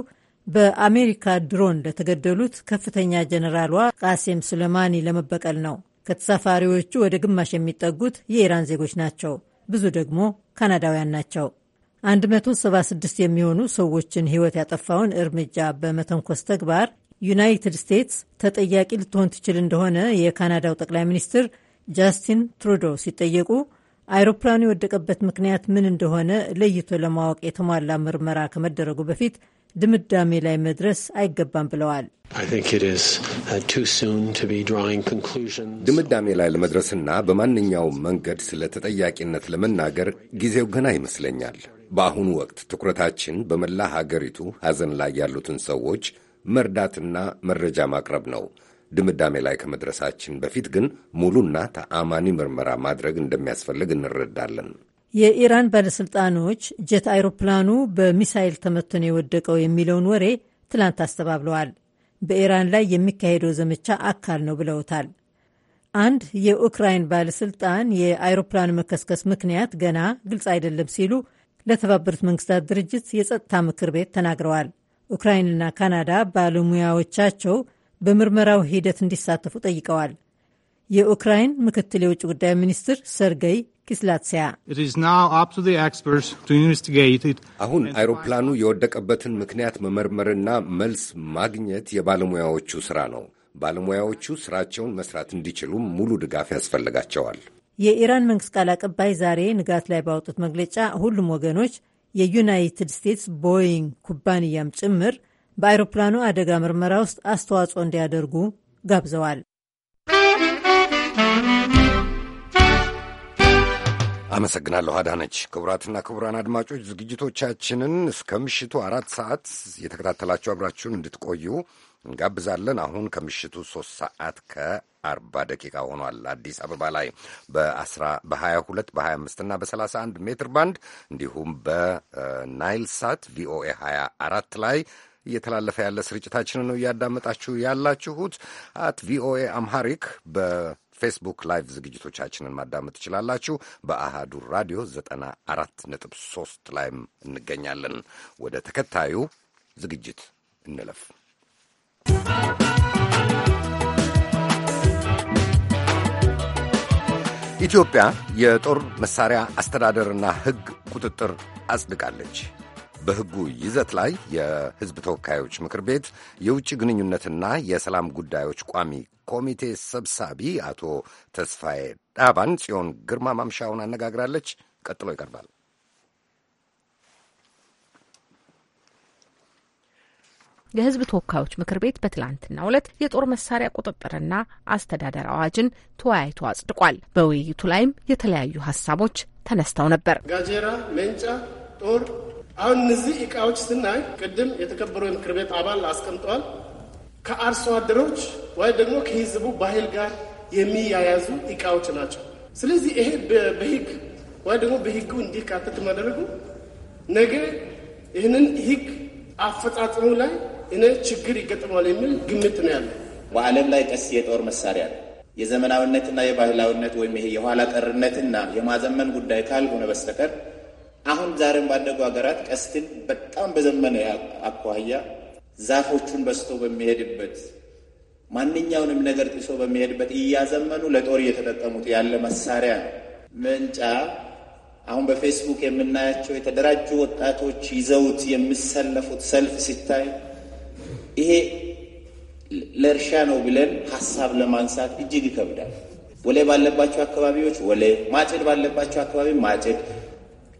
በአሜሪካ ድሮን ለተገደሉት ከፍተኛ ጀነራሏ ቃሴም ሱለማኒ ለመበቀል ነው። ከተሳፋሪዎቹ ወደ ግማሽ የሚጠጉት የኢራን ዜጎች ናቸው። ብዙ ደግሞ ካናዳውያን ናቸው። 176 የሚሆኑ ሰዎችን ሕይወት ያጠፋውን እርምጃ በመተንኮስ ተግባር ዩናይትድ ስቴትስ ተጠያቂ ልትሆን ትችል እንደሆነ የካናዳው ጠቅላይ ሚኒስትር ጃስቲን ትሩዶ ሲጠየቁ አይሮፕላኑ የወደቀበት ምክንያት ምን እንደሆነ ለይቶ ለማወቅ የተሟላ ምርመራ ከመደረጉ በፊት ድምዳሜ ላይ መድረስ አይገባም ብለዋል። uh, ድምዳሜ ላይ ለመድረስና በማንኛውም መንገድ ስለ ተጠያቂነት ለመናገር ጊዜው ገና ይመስለኛል። በአሁኑ ወቅት ትኩረታችን በመላ ሀገሪቱ ሐዘን ላይ ያሉትን ሰዎች መርዳትና መረጃ ማቅረብ ነው። ድምዳሜ ላይ ከመድረሳችን በፊት ግን ሙሉና ተአማኒ ምርመራ ማድረግ እንደሚያስፈልግ እንረዳለን። የኢራን ባለሥልጣኖች ጀት አይሮፕላኑ በሚሳይል ተመትኖ የወደቀው የሚለውን ወሬ ትላንት አስተባብለዋል። በኢራን ላይ የሚካሄደው ዘመቻ አካል ነው ብለውታል። አንድ የኡክራይን ባለሥልጣን የአይሮፕላኑ መከስከስ ምክንያት ገና ግልጽ አይደለም ሲሉ ለተባበሩት መንግስታት ድርጅት የጸጥታ ምክር ቤት ተናግረዋል። ኡክራይንና ካናዳ ባለሙያዎቻቸው በምርመራው ሂደት እንዲሳተፉ ጠይቀዋል። የኡክራይን ምክትል የውጭ ጉዳይ ሚኒስትር ሰርገይ ኪስላትሲያ አሁን አይሮፕላኑ የወደቀበትን ምክንያት መመርመርና መልስ ማግኘት የባለሙያዎቹ ሥራ ነው። ባለሙያዎቹ ሥራቸውን መስራት እንዲችሉም ሙሉ ድጋፍ ያስፈልጋቸዋል። የኢራን መንግሥት ቃል አቀባይ ዛሬ ንጋት ላይ ባወጡት መግለጫ ሁሉም ወገኖች የዩናይትድ ስቴትስ ቦይንግ ኩባንያም ጭምር በአይሮፕላኑ አደጋ ምርመራ ውስጥ አስተዋጽኦ እንዲያደርጉ ጋብዘዋል። አመሰግናለሁ አዳነች። ክቡራትና ክቡራን አድማጮች ዝግጅቶቻችንን እስከ ምሽቱ አራት ሰዓት የተከታተላችሁ አብራችሁን እንድትቆዩ እንጋብዛለን። አሁን ከምሽቱ ሶስት ሰዓት ከአርባ ደቂቃ ሆኗል። አዲስ አበባ ላይ በ22 በ25 እና በ31 ሜትር ባንድ እንዲሁም በናይል ሳት ቪኦኤ 24 ላይ እየተላለፈ ያለ ስርጭታችንን ነው እያዳመጣችሁ ያላችሁት። አት ቪኦኤ አምሃሪክ በ ፌስቡክ ላይቭ ዝግጅቶቻችንን ማዳመጥ ትችላላችሁ። በአሃዱ ራዲዮ 94.3 ላይም እንገኛለን። ወደ ተከታዩ ዝግጅት እንለፍ። ኢትዮጵያ የጦር መሳሪያ አስተዳደርና ሕግ ቁጥጥር አጽድቃለች። በሕጉ ይዘት ላይ የሕዝብ ተወካዮች ምክር ቤት የውጭ ግንኙነትና የሰላም ጉዳዮች ቋሚ ኮሚቴ ሰብሳቢ አቶ ተስፋዬ ዳባን ጽዮን ግርማ ማምሻውን አነጋግራለች። ቀጥሎ ይቀርባል። የህዝብ ተወካዮች ምክር ቤት በትላንትናው ዕለት የጦር መሳሪያ ቁጥጥርና አስተዳደር አዋጅን ተወያይቶ አጽድቋል። በውይይቱ ላይም የተለያዩ ሀሳቦች ተነስተው ነበር። ጋዜራ፣ መንጫ ጦር አሁን እነዚህ እቃዎች ስናይ ቅድም የተከበረው የምክር ቤት አባል አስቀምጠዋል። ከአርሶ አደሮች ወይ ደግሞ ከህዝቡ ባህል ጋር የሚያያዙ እቃዎች ናቸው። ስለዚህ ይሄ በህግ ወይ ደግሞ በህጉ እንዲካተት መደረጉ ነገ ይህንን ህግ አፈጻጽሙ ላይ እነ ችግር ይገጥመዋል የሚል ግምት ነው ያለ። በዓለም ላይ ቀስ የጦር መሳሪያ የዘመናዊነትና የባህላዊነት ወይም ይሄ የኋላ ቀርነትና የማዘመን ጉዳይ ካልሆነ በስተቀር አሁን ዛሬም ባደጉ ሀገራት ቀስትን በጣም በዘመነ አኳያ ዛፎቹን በስቶ በሚሄድበት ማንኛውንም ነገር ጥሶ በሚሄድበት እያዘመኑ ለጦር እየተጠቀሙት ያለ መሳሪያ ነው። ምንጫ አሁን በፌስቡክ የምናያቸው የተደራጁ ወጣቶች ይዘውት የሚሰለፉት ሰልፍ ሲታይ ይሄ ለእርሻ ነው ብለን ሀሳብ ለማንሳት እጅግ ይከብዳል። ወሌ ባለባቸው አካባቢዎች ወሌ፣ ማጭድ ባለባቸው አካባቢ ማጭድ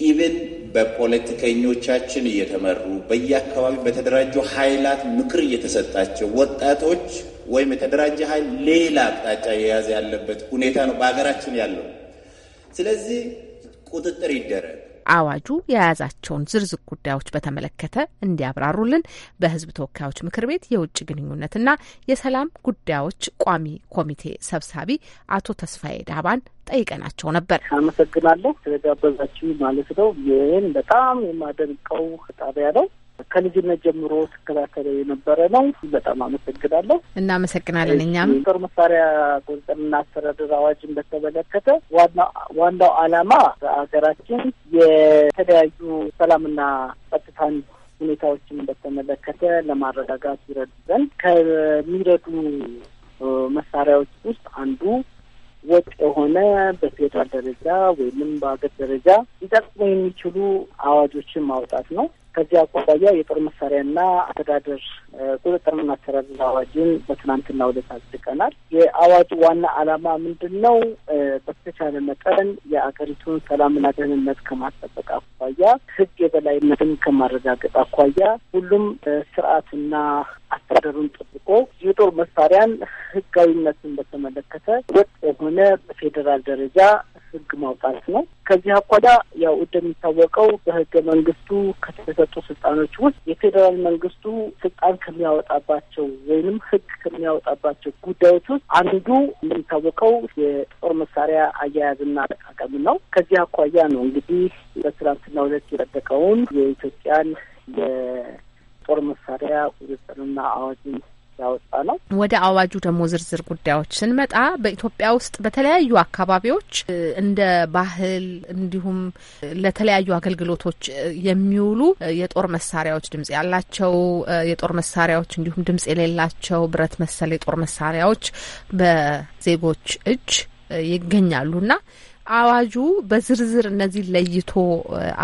ኢቨን በፖለቲከኞቻችን እየተመሩ በየአካባቢ በተደራጁ ኃይላት ምክር እየተሰጣቸው ወጣቶች ወይም የተደራጀ ኃይል ሌላ አቅጣጫ የያዘ ያለበት ሁኔታ ነው በሀገራችን ያለው። ስለዚህ ቁጥጥር ይደረግ። አዋጁ የያዛቸውን ዝርዝር ጉዳዮች በተመለከተ እንዲያብራሩልን በህዝብ ተወካዮች ምክር ቤት የውጭ ግንኙነትና የሰላም ጉዳዮች ቋሚ ኮሚቴ ሰብሳቢ አቶ ተስፋዬ ዳባን ጠይቀናቸው ነበር። አመሰግናለሁ ስለጋበዛችሁ ማለት ነው። ይህን በጣም የማደንቀው ጣቢያ ነው። ከልጅነት ጀምሮ ስከታተለው የነበረ ነው። በጣም አመሰግናለሁ። እናመሰግናለን። እኛም ጦር መሳሪያ ቁጥጥርና አስተዳደር አዋጅን በተመለከተ ዋናው ዓላማ በሀገራችን የተለያዩ ሰላምና ጸጥታን ሁኔታዎችን በተመለከተ ለማረጋጋት ይረዱ ዘንድ ከሚረዱ መሳሪያዎች ውስጥ አንዱ ወጥ የሆነ በፌዴራል ደረጃ ወይም በሀገር ደረጃ ሊጠቅሙ የሚችሉ አዋጆችን ማውጣት ነው። ከዚያ አኳያ የጦር መሳሪያና አስተዳደር ቁጥጥርና አስተዳደር አዋጅን በትናንትና ዕለት አጽድቀናል። የአዋጁ ዋና ዓላማ ምንድን ነው? በተቻለ መጠን የአገሪቱን ሰላምና ደህንነት ከማስጠበቅ አኳያ፣ ሕግ የበላይነትን ከማረጋገጥ አኳያ ሁሉም ስርዓትና አስተዳደሩን ጠብቆ የጦር መሳሪያን ሕጋዊነትን በተመለከተ ወጥ የሆነ በፌዴራል ደረጃ ህግ ማውጣት ነው። ከዚህ አኳያ ያው እንደሚታወቀው በህገ መንግስቱ ከተሰጡ ስልጣኖች ውስጥ የፌዴራል መንግስቱ ስልጣን ከሚያወጣባቸው ወይንም ህግ ከሚያወጣባቸው ጉዳዮች ውስጥ አንዱ እንደሚታወቀው የጦር መሳሪያ አያያዝና አጠቃቀም ነው። ከዚህ አኳያ ነው እንግዲህ በትናንትና ሁለት የጸደቀውን የኢትዮጵያን የጦር መሳሪያ ቁጥጥርና አዋጅን ያወጣ ነው። ወደ አዋጁ ደግሞ ዝርዝር ጉዳዮች ስንመጣ በኢትዮጵያ ውስጥ በተለያዩ አካባቢዎች እንደ ባህል እንዲሁም ለተለያዩ አገልግሎቶች የሚውሉ የጦር መሳሪያዎች ድምጽ ያላቸው የጦር መሳሪያዎች እንዲሁም ድምጽ የሌላቸው ብረት መሰል የጦር መሳሪያዎች በዜጎች እጅ ይገኛሉና አዋጁ በዝርዝር እነዚህ ለይቶ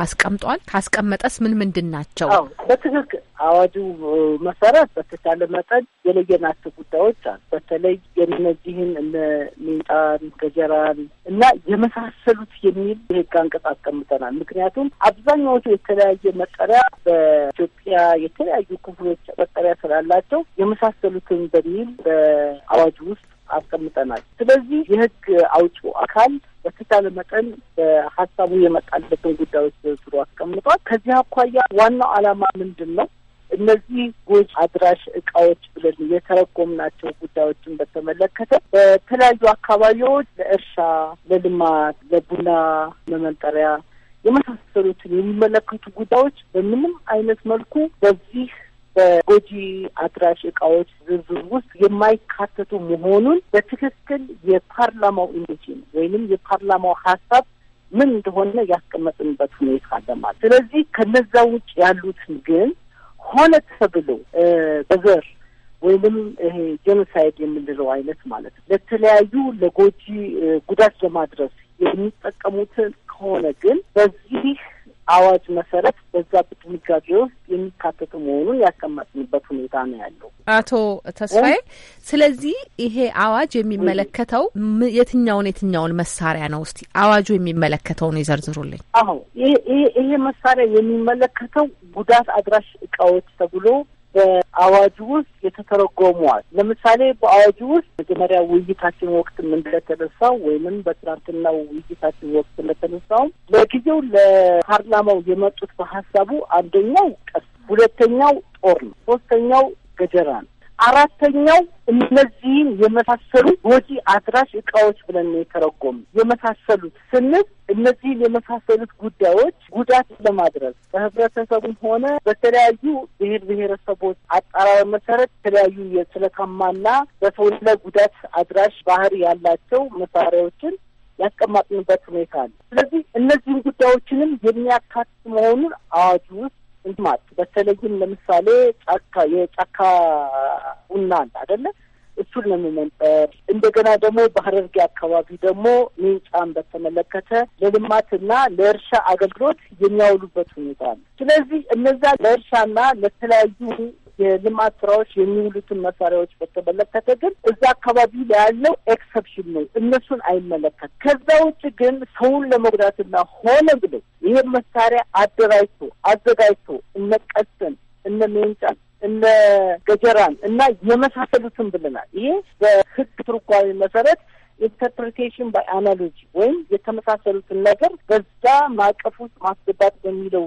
አስቀምጧል። ካስቀመጠስ ምን ምንድን ናቸው? በትክክል አዋጁ መሰረት በተቻለ መጠን የለየናቸው ጉዳዮች አሉ። በተለይ የነዚህን እነ ሚንጣን፣ ገጀራን እና የመሳሰሉት የሚል የህግ አንቀጽ አስቀምጠናል። ምክንያቱም አብዛኛዎቹ የተለያየ መጠሪያ በኢትዮጵያ የተለያዩ ክፍሎች መጠሪያ ስላላቸው የመሳሰሉትን በሚል በአዋጁ ውስጥ አስቀምጠናል። ስለዚህ የህግ አውጪ አካል በተቻለ መጠን በሀሳቡ የመጣለትን ጉዳዮች ዝርዝሩ አስቀምጧል። ከዚህ አኳያ ዋናው ዓላማ ምንድን ነው? እነዚህ ጎጂ አድራሽ እቃዎች ብለን የተረጎምናቸው ጉዳዮችን በተመለከተ በተለያዩ አካባቢዎች ለእርሻ፣ ለልማት፣ ለቡና መመንጠሪያ የመሳሰሉትን የሚመለከቱ ጉዳዮች በምንም አይነት መልኩ በዚህ በጎጂ አድራሽ እቃዎች ዝርዝር ውስጥ የማይካተቱ መሆኑን በትክክል የፓርላማው ኢንዲጂን ወይንም የፓርላማው ሀሳብ ምን እንደሆነ ያስቀመጥንበት ሁኔታ አለ ስለዚህ ከነዛ ውጭ ያሉትን ግን ሆነ ተብሎ በዘር ወይንም ይሄ ጄኖሳይድ የምንለው አይነት ማለት ነው ለተለያዩ ለጎጂ ጉዳት ለማድረስ የሚጠቀሙትን ከሆነ ግን በዚህ አዋጅ መሰረት በዛ ድንጋጌ ውስጥ የሚካተቱ መሆኑን ያስቀመጥንበት ሁኔታ ነው ያለው አቶ ተስፋዬ። ስለዚህ ይሄ አዋጅ የሚመለከተው የትኛውን የትኛውን መሳሪያ ነው? እስቲ አዋጁ የሚመለከተውን ይዘርዝሩልኝ። አሁ ይሄ መሳሪያ የሚመለከተው ጉዳት አድራሽ እቃዎች ተብሎ በአዋጁ ውስጥ የተተረጎሟል። ለምሳሌ በአዋጁ ውስጥ መጀመሪያ ውይይታችን ወቅት እንደተነሳው ወይንም በትናንትናው ውይይታችን ወቅት እንደተነሳውም ለጊዜው ለፓርላማው የመጡት በሀሳቡ አንደኛው ቀስ፣ ሁለተኛው ጦር ነው፣ ሶስተኛው ገጀራ ነው። አራተኛው እነዚህን የመሳሰሉ ወጪ አድራሽ እቃዎች ብለን ነው የመሳሰሉት ስንል እነዚህን የመሳሰሉት ጉዳዮች ጉዳት ለማድረስ በህብረተሰቡም ሆነ በተለያዩ ብሔር ብሔረሰቦች አጣራ መሰረት የተለያዩ የስለታማና በሰው ላይ ጉዳት አድራሽ ባህሪ ያላቸው መሳሪያዎችን ያስቀማጥንበት ሁኔታ አለ። ስለዚህ እነዚህን ጉዳዮችንም የሚያካትት መሆኑን አዋጁ ውስጥ እንትማት በተለይም ለምሳሌ ጫካ የጫካ ቡና አለ አደለ? እሱን ነው እንደገና ደግሞ በሀረርጌ አካባቢ ደግሞ ሜንጫን በተመለከተ ለልማትና ለእርሻ አገልግሎት የሚያውሉበት ሁኔታ አለ። ስለዚህ እነዛ ለእርሻና ለተለያዩ የልማት ስራዎች የሚውሉትን መሳሪያዎች በተመለከተ ግን እዛ አካባቢ ላይ ያለው ኤክሰፕሽን ነው፣ እነሱን አይመለከት። ከዛ ውጭ ግን ሰውን ለመጉዳትና ሆነ ብሎ ይህ መሳሪያ አደራጅቶ አዘጋጅቶ እነ ቀስትን እነ ሜንጫን እነ ገጀራን እና የመሳሰሉትን ብለናል። ይሄ በህግ ትርጓሜ መሰረት ኢንተርፕሬቴሽን ባይ አናሎጂ ወይም የተመሳሰሉትን ነገር በዛ ማዕቀፍ ውስጥ ማስገባት በሚለው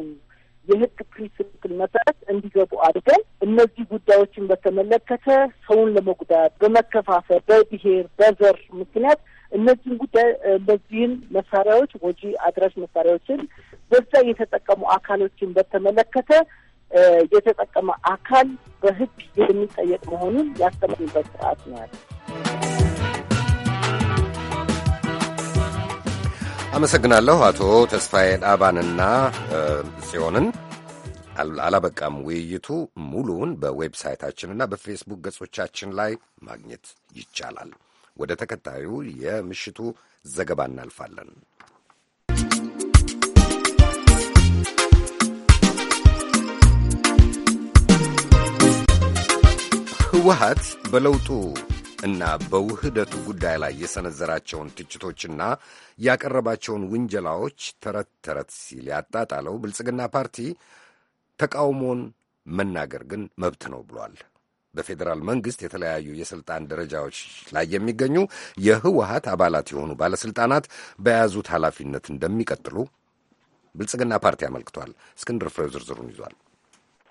የህግ ፕሪንስፕል መሰረት እንዲገቡ አድርገን እነዚህ ጉዳዮችን በተመለከተ ሰውን ለመጉዳት በመከፋፈል በብሄር በዘር ምክንያት እነዚህን ጉዳይ እነዚህን መሳሪያዎች ወጂ አድራሽ መሳሪያዎችን በዛ የተጠቀሙ አካሎችን በተመለከተ የተጠቀመ አካል በህግ የሚጠየቅ መሆኑን ያስተምርበት ስርዓት ነው ያለ አመሰግናለሁ አቶ ተስፋዬ ዳባንና ጽዮንን። አላበቃም ውይይቱ። ሙሉውን በዌብሳይታችንና በፌስቡክ ገጾቻችን ላይ ማግኘት ይቻላል። ወደ ተከታዩ የምሽቱ ዘገባ እናልፋለን። ህወሀት በለውጡ እና በውህደቱ ጉዳይ ላይ የሰነዘራቸውን ትችቶችና ያቀረባቸውን ውንጀላዎች ተረት ተረት ሲል ያጣጣለው ብልጽግና ፓርቲ ተቃውሞን መናገር ግን መብት ነው ብሏል። በፌዴራል መንግስት የተለያዩ የስልጣን ደረጃዎች ላይ የሚገኙ የህወሀት አባላት የሆኑ ባለስልጣናት በያዙት ኃላፊነት እንደሚቀጥሉ ብልጽግና ፓርቲ አመልክቷል። እስክንድር ፍሬው ዝርዝሩን ይዟል።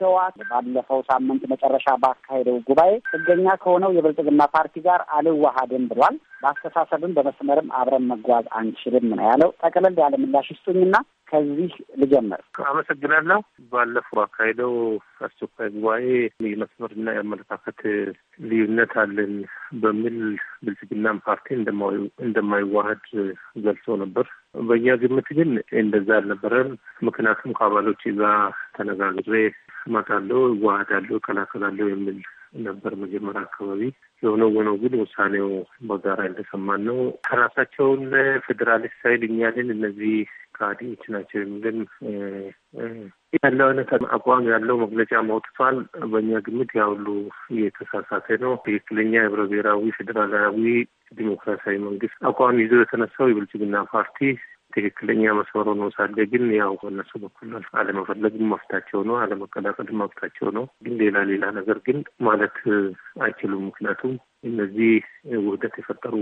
ህወሓት ባለፈው ሳምንት መጨረሻ ባካሄደው ጉባኤ ጥገኛ ከሆነው የብልጽግና ፓርቲ ጋር አልዋሃድም ብሏል። በአስተሳሰብም በመስመርም አብረን መጓዝ አንችልም ነው ያለው። ጠቅለል ያለ ምላሽ ከዚህ ልጀምር። አመሰግናለሁ። ባለፈው አካሄደው አስቸኳይ ጉባኤ የመስመርና የአመለካከት ልዩነት አለን በሚል ብልጽግናም ፓርቲ እንደማይዋህድ ገልጾ ነበር። በእኛ ግምት ግን እንደዛ አልነበረም። ምክንያቱም ከአባሎች ጋር ተነጋግሬ እመጣለሁ፣ እዋሃዳለሁ፣ እቀላቀላለሁ የሚል ነበር መጀመሪያ አካባቢ። የሆነ ሆኖ ግን ውሳኔው በጋራ እንደሰማን ነው። ከራሳቸውን ፌዴራሊስት ሳይድ እኛልን እነዚህ ከሃዲዎች ናቸው የሚልን ያለው አይነት አቋም ያለው መግለጫ ማውጥቷል። በእኛ ግምት ያ ሁሉ የተሳሳተ ነው። ትክክለኛ ህብረ ብሔራዊ ፌዴራላዊ ዲሞክራሲያዊ መንግስት አቋም ይዞ የተነሳው የብልጽግና ፓርቲ ትክክለኛ መስመሩ ነው ሳለ ግን ያው እነሱ በኩል አለመፈለግም መፍታቸው ነው፣ አለመቀላቀልም መፍታቸው ነው። ግን ሌላ ሌላ ነገር ግን ማለት አይችሉም። ምክንያቱም እነዚህ ውህደት የፈጠሩ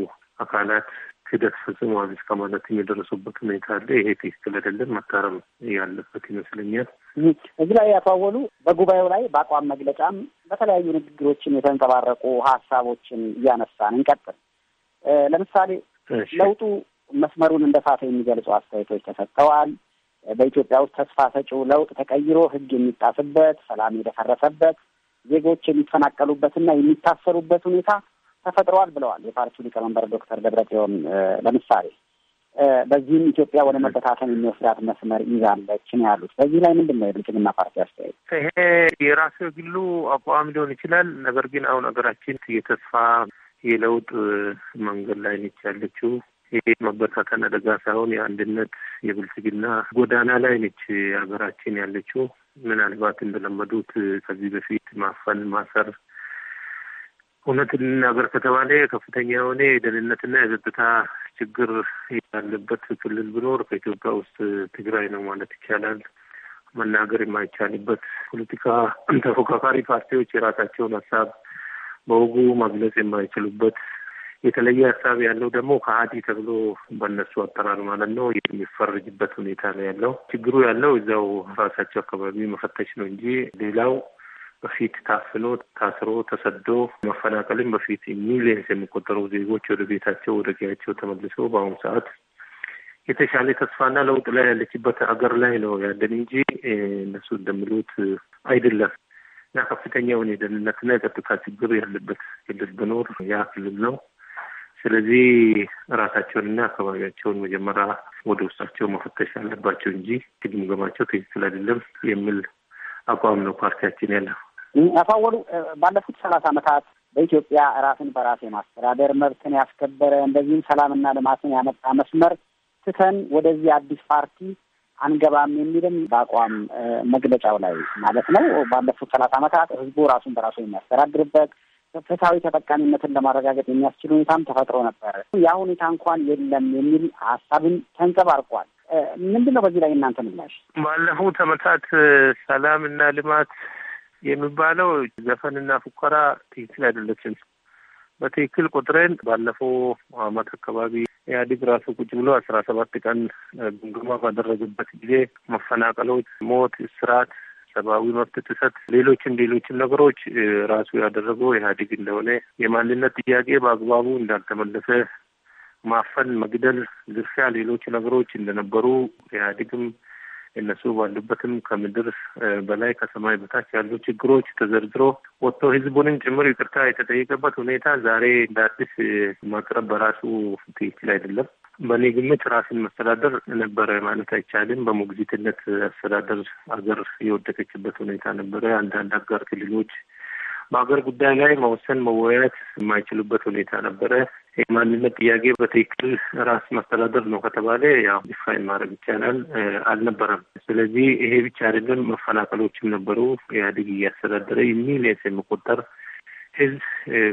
አካላት ክደት ፈጽመዋል እስከ ማለት የደረሱበት ሁኔታ አለ። ይሄ ትክክል አይደለም፣ መታረም ያለበት ይመስለኛል። እዚህ ላይ አቶ በጉባኤው ላይ በአቋም መግለጫም በተለያዩ ንግግሮችም የተንጸባረቁ ሀሳቦችን እያነሳን እንቀጥል። ለምሳሌ ለውጡ መስመሩን እንደሳተ የሚገልጹ አስተያየቶች ተሰጥተዋል። በኢትዮጵያ ውስጥ ተስፋ ሰጪው ለውጥ ተቀይሮ ህግ የሚጣስበት፣ ሰላም የደፈረሰበት፣ ዜጎች የሚፈናቀሉበትና የሚታሰሩበት ሁኔታ ተፈጥሯል ብለዋል የፓርቲው ሊቀመንበር ዶክተር ደብረጽዮን ለምሳሌ በዚህም ኢትዮጵያ ወደ መበታተን የሚወስዳት መስመር ይዛለች ነው ያሉት። በዚህ ላይ ምንድን ነው የብልጽግና ፓርቲ አስተያየት? ይሄ የራሱ የግሉ አቋም ሊሆን ይችላል። ነገር ግን አሁን ሀገራችን የተስፋ የለውጥ መንገድ ላይ ነች ያለችው። ይሄ መበታተን አደጋ ሳይሆን የአንድነት የብልጽግና ጎዳና ላይ ነች ሀገራችን ያለችው። ምናልባት እንደለመዱት ከዚህ በፊት ማፈን፣ ማሰር እውነት ልናገር ከተባለ ከፍተኛ የሆነ የደህንነትና የጸጥታ ችግር ያለበት ክልል ብኖር ከኢትዮጵያ ውስጥ ትግራይ ነው ማለት ይቻላል። መናገር የማይቻልበት ፖለቲካ ተፎካካሪ ፓርቲዎች የራሳቸውን ሀሳብ በወጉ መግለጽ የማይችሉበት የተለየ ሀሳብ ያለው ደግሞ ከሀዲ ተብሎ በነሱ አጠራር ማለት ነው የሚፈረጅበት ሁኔታ ነው ያለው። ችግሩ ያለው እዛው ራሳቸው አካባቢ መፈተሽ ነው እንጂ ሌላው በፊት ታፍኖ ታስሮ ተሰዶ መፈናቀልም በፊት ሚሊየንስ የሚቆጠሩ ዜጎች ወደ ቤታቸው ወደ ቀያቸው ተመልሶ በአሁኑ ሰዓት የተሻለ ተስፋና ለውጥ ላይ ያለችበት አገር ላይ ነው ያለን እንጂ እነሱ እንደሚሉት አይደለም። እና ከፍተኛ የሆነ የደህንነትና የጸጥታ ችግር ያለበት ክልል ብኖር ያ ክልል ነው። ስለዚህ ራሳቸውንና አካባቢያቸውን መጀመሪያ ወደ ውስጣቸው መፈተሽ አለባቸው እንጂ ግምገማቸው ትክክል አይደለም የሚል አቋም ነው ፓርቲያችን ያለው። አፋወሉ ባለፉት ሰላሳ ዓመታት በኢትዮጵያ ራስን በራስ የማስተዳደር መብትን ያስከበረ እንደዚህም ሰላምና ልማትን ያመጣ መስመር ትተን ወደዚህ አዲስ ፓርቲ አንገባም የሚልም በአቋም መግለጫው ላይ ማለት ነው። ባለፉት ሰላሳ ዓመታት ህዝቡ ራሱን በራሱ የሚያስተዳድርበት ፍትሐዊ ተጠቃሚነትን ለማረጋገጥ የሚያስችል ሁኔታም ተፈጥሮ ነበር ያ ሁኔታ እንኳን የለም የሚል ሀሳብን ተንጸባርቋል። ምንድን ነው በዚህ ላይ እናንተ ምላሽ? ባለፉት ዓመታት ሰላም እና ልማት የሚባለው ዘፈንና ፉከራ ትክክል አይደለችም። በትክክል ቁጥሬን ባለፈው ዓመት አካባቢ ኢህአዴግ ራሱ ቁጭ ብሎ አስራ ሰባት ቀን ግምገማ ባደረገበት ጊዜ መፈናቀሎች፣ ሞት፣ እስራት ሰብአዊ መብት ጥሰት፣ ሌሎችም ሌሎችም ነገሮች ራሱ ያደረገው ኢህአዴግ እንደሆነ የማንነት ጥያቄ በአግባቡ እንዳልተመለሰ ማፈን፣ መግደል፣ ዝርፊያ፣ ሌሎች ነገሮች እንደነበሩ ኢህአዴግም እነሱ ባሉበትም ከምድር በላይ ከሰማይ በታች ያሉ ችግሮች ተዘርዝሮ ወጥቶ ህዝቡንም ጭምር ይቅርታ የተጠየቀበት ሁኔታ ዛሬ እንደ አዲስ ማቅረብ በራሱ ትክክል አይደለም። በእኔ ግምት ራስን መስተዳደር ነበረ ማለት አይቻልም። በሞግዚትነት አስተዳደር አገር የወደቀችበት ሁኔታ ነበረ። አንዳንድ አጋር ክልሎች በሀገር ጉዳይ ላይ መወሰን መወያየት የማይችሉበት ሁኔታ ነበረ። የማንነት ጥያቄ በትክክል ራስ መስተዳደር ነው ከተባለ ያው ዲፋይን ማድረግ ይቻላል አልነበረም። ስለዚህ ይሄ ብቻ አይደለም፣ መፈናቀሎችም ነበሩ። ኢህአዴግ እያስተዳደረ የሚሊየንስ የሚቆጠር ህዝብ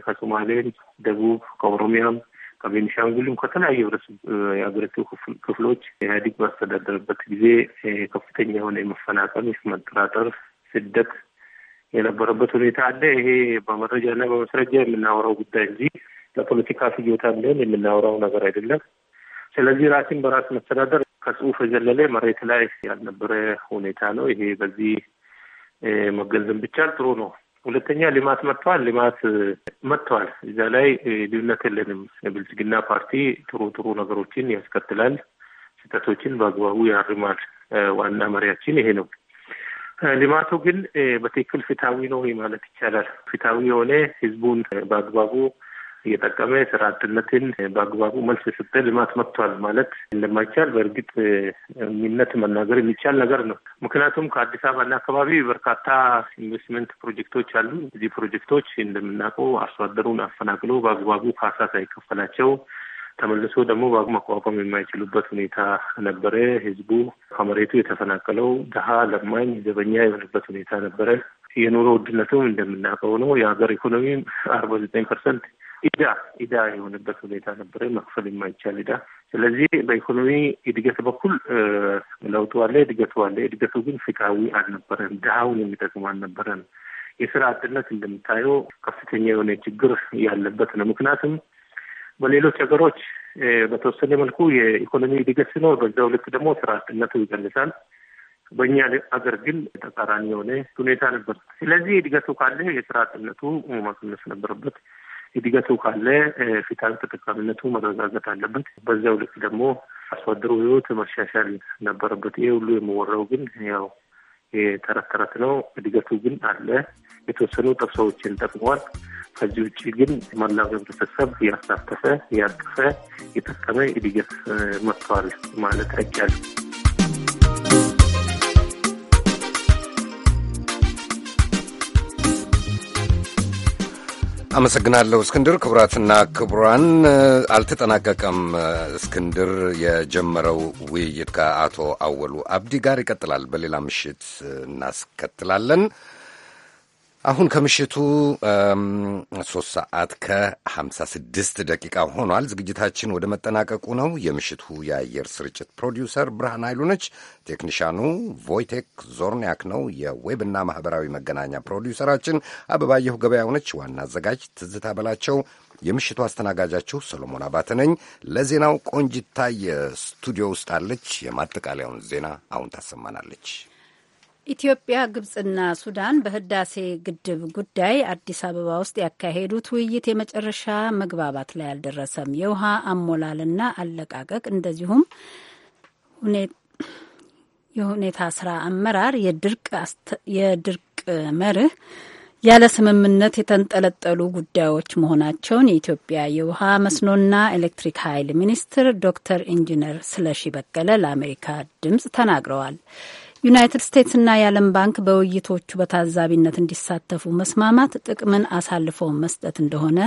ከሶማሌም፣ ደቡብ፣ ከኦሮሚያም፣ ከቤኒሻንጉልም ከተለያዩ የሀገሪቱ ክፍሎች ኢህአዴግ ባስተዳደረበት ጊዜ ከፍተኛ የሆነ የመፈናቀል መጠራጠር፣ ስደት የነበረበት ሁኔታ አለ። ይሄ በመረጃና በመስረጃ የምናወራው ጉዳይ እንጂ ለፖለቲካ ፍጆታ ብለን የምናወራው ነገር አይደለም። ስለዚህ ራስን በራስ መስተዳደር ከጽሁፍ የዘለለ መሬት ላይ ያልነበረ ሁኔታ ነው። ይሄ በዚህ መገንዘብ ብቻል ጥሩ ነው። ሁለተኛ ልማት መጥተዋል። ልማት መጥተዋል። እዛ ላይ ልዩነት የለንም። የብልጽግና ፓርቲ ጥሩ ጥሩ ነገሮችን ያስከትላል፣ ስህተቶችን በአግባቡ ያርማል። ዋና መሪያችን ይሄ ነው። ልማቱ ግን በትክክል ፍትሐዊ ነው ማለት ይቻላል። ፍትሐዊ የሆነ ህዝቡን በአግባቡ እየጠቀመ ስራ አጥነትን በአግባቡ መልስ የሰጠ ልማት መጥቷል ማለት እንደማይቻል በእርግጥ እሚነት መናገር የሚቻል ነገር ነው። ምክንያቱም ከአዲስ አበባና አካባቢ በርካታ ኢንቨስትመንት ፕሮጀክቶች አሉ። እዚህ ፕሮጀክቶች እንደምናውቀው አርሶ አደሩን አፈናቅሎ በአግባቡ ካሳ ሳይከፈላቸው ተመልሶ ደግሞ መቋቋም የማይችሉበት ሁኔታ ነበረ። ህዝቡ ከመሬቱ የተፈናቀለው ድሀ ለማኝ ዘበኛ የሆነበት ሁኔታ ነበረ። የኑሮ ውድነቱም እንደምናውቀው ነው። የሀገር ኢኮኖሚ አርባ ዘጠኝ ፐርሰንት ኢዳ ኢዳ የሆነበት ሁኔታ ነበረ፣ መክፈል የማይቻል ኢዳ። ስለዚህ በኢኮኖሚ እድገት በኩል ለውጡ አለ፣ እድገቱ አለ። እድገቱ ግን ፍትሐዊ አልነበረን፣ ድሃውን የሚጠቅም አልነበረን። የስራ አጥነት እንደምታየው ከፍተኛ የሆነ ችግር ያለበት ነው። ምክንያቱም በሌሎች ሀገሮች በተወሰነ መልኩ የኢኮኖሚ እድገት ሲኖር በዛው ልክ ደግሞ ስራ አጥነቱ ይቀንሳል። በእኛ አገር ግን ተቃራኒ የሆነ ሁኔታ ነበር። ስለዚህ እድገቱ ካለ የስራ አጥነቱ መቀነስ ነበረበት። እድገቱ ካለ ፍትሃዊ ተጠቃሚነቱ መረጋገጥ አለበት። በዚያው ልክ ደግሞ አስተዳደሩ ህይወት መሻሻል ነበረበት። ይሄ ሁሉ የሚወራው ግን ያው ተረት ተረት ነው። እድገቱ ግን አለ። የተወሰኑ ጠብሰዎችን ጠቅመዋል። ከዚህ ውጭ ግን መላው ህብረተሰብ ያሳተፈ፣ ያቀፈ፣ የጠቀመ እድገት መጥተዋል ማለት አይቻልም። አመሰግናለሁ እስክንድር። ክቡራትና ክቡራን አልተጠናቀቀም። እስክንድር የጀመረው ውይይት ከአቶ አወሉ አብዲ ጋር ይቀጥላል። በሌላ ምሽት እናስከትላለን። አሁን ከምሽቱ ሶስት ሰዓት ከሀምሳ ስድስት ደቂቃ ሆኗል። ዝግጅታችን ወደ መጠናቀቁ ነው። የምሽቱ የአየር ስርጭት ፕሮዲውሰር ብርሃን ኃይሉ ነች። ቴክኒሻኑ ቮይቴክ ዞርኒያክ ነው። የዌብና ማህበራዊ መገናኛ ፕሮዲውሰራችን አበባየሁ ገበያው ነች። ዋና አዘጋጅ ትዝታ በላቸው የምሽቱ አስተናጋጃችሁ ሰሎሞን አባተ ነኝ። ለዜናው ቆንጅታ የስቱዲዮ ውስጥ አለች። የማጠቃለያውን ዜና አሁን ታሰማናለች። ኢትዮጵያ፣ ግብጽና ሱዳን በህዳሴ ግድብ ጉዳይ አዲስ አበባ ውስጥ ያካሄዱት ውይይት የመጨረሻ መግባባት ላይ አልደረሰም። የውሃ አሞላልና አለቃቀቅ እንደዚሁም የሁኔታ ስራ አመራር፣ የድርቅ መርህ ያለ ስምምነት የተንጠለጠሉ ጉዳዮች መሆናቸውን የኢትዮጵያ የውሃ መስኖና ኤሌክትሪክ ኃይል ሚኒስትር ዶክተር ኢንጂነር ስለሺ በቀለ ለአሜሪካ ድምጽ ተናግረዋል። ዩናይትድ ስቴትስና የዓለም ባንክ በውይይቶቹ በታዛቢነት እንዲሳተፉ መስማማት ጥቅምን አሳልፎ መስጠት እንደሆነ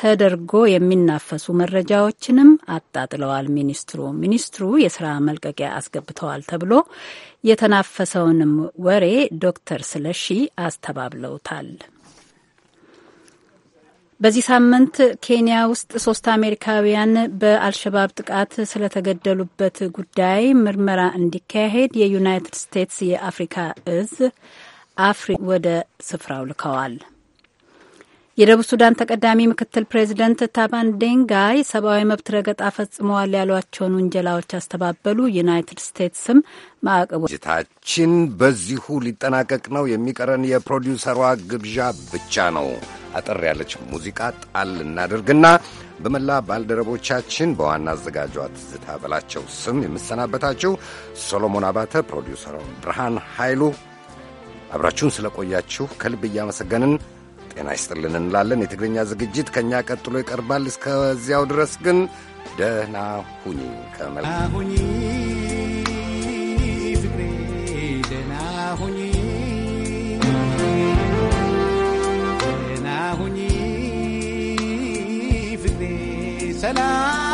ተደርጎ የሚናፈሱ መረጃዎችንም አጣጥለዋል። ሚኒስትሩ ሚኒስትሩ የስራ መልቀቂያ አስገብተዋል ተብሎ የተናፈሰውንም ወሬ ዶክተር ስለሺ አስተባብለውታል። በዚህ ሳምንት ኬንያ ውስጥ ሶስት አሜሪካውያን በአልሸባብ ጥቃት ስለተገደሉበት ጉዳይ ምርመራ እንዲካሄድ የዩናይትድ ስቴትስ የአፍሪካ እዝ አፍሪ ወደ ስፍራው ልከዋል። የደቡብ ሱዳን ተቀዳሚ ምክትል ፕሬዚደንት ታባን ዴንጋይ ሰብአዊ መብት ረገጣ ፈጽመዋል ያሏቸውን ውንጀላዎች አስተባበሉ። ዩናይትድ ስቴትስም ማዕቀቡ ታችን በዚሁ ሊጠናቀቅ ነው። የሚቀረን የፕሮዲውሰሯ ግብዣ ብቻ ነው። አጠር ያለች ሙዚቃ ጣል እናድርግና በመላ ባልደረቦቻችን በዋና አዘጋጇ ትዝታ በላቸው ስም የምሰናበታችሁ ሶሎሞን አባተ፣ ፕሮዲውሰሯ ብርሃን ኃይሉ አብራችሁን ስለቆያችሁ ከልብ እያመሰገንን ጤና ይስጥልን እንላለን። የትግርኛ ዝግጅት ከእኛ ቀጥሎ ይቀርባል። እስከዚያው ድረስ ግን ደህና ሁኚ ከመል ሰላም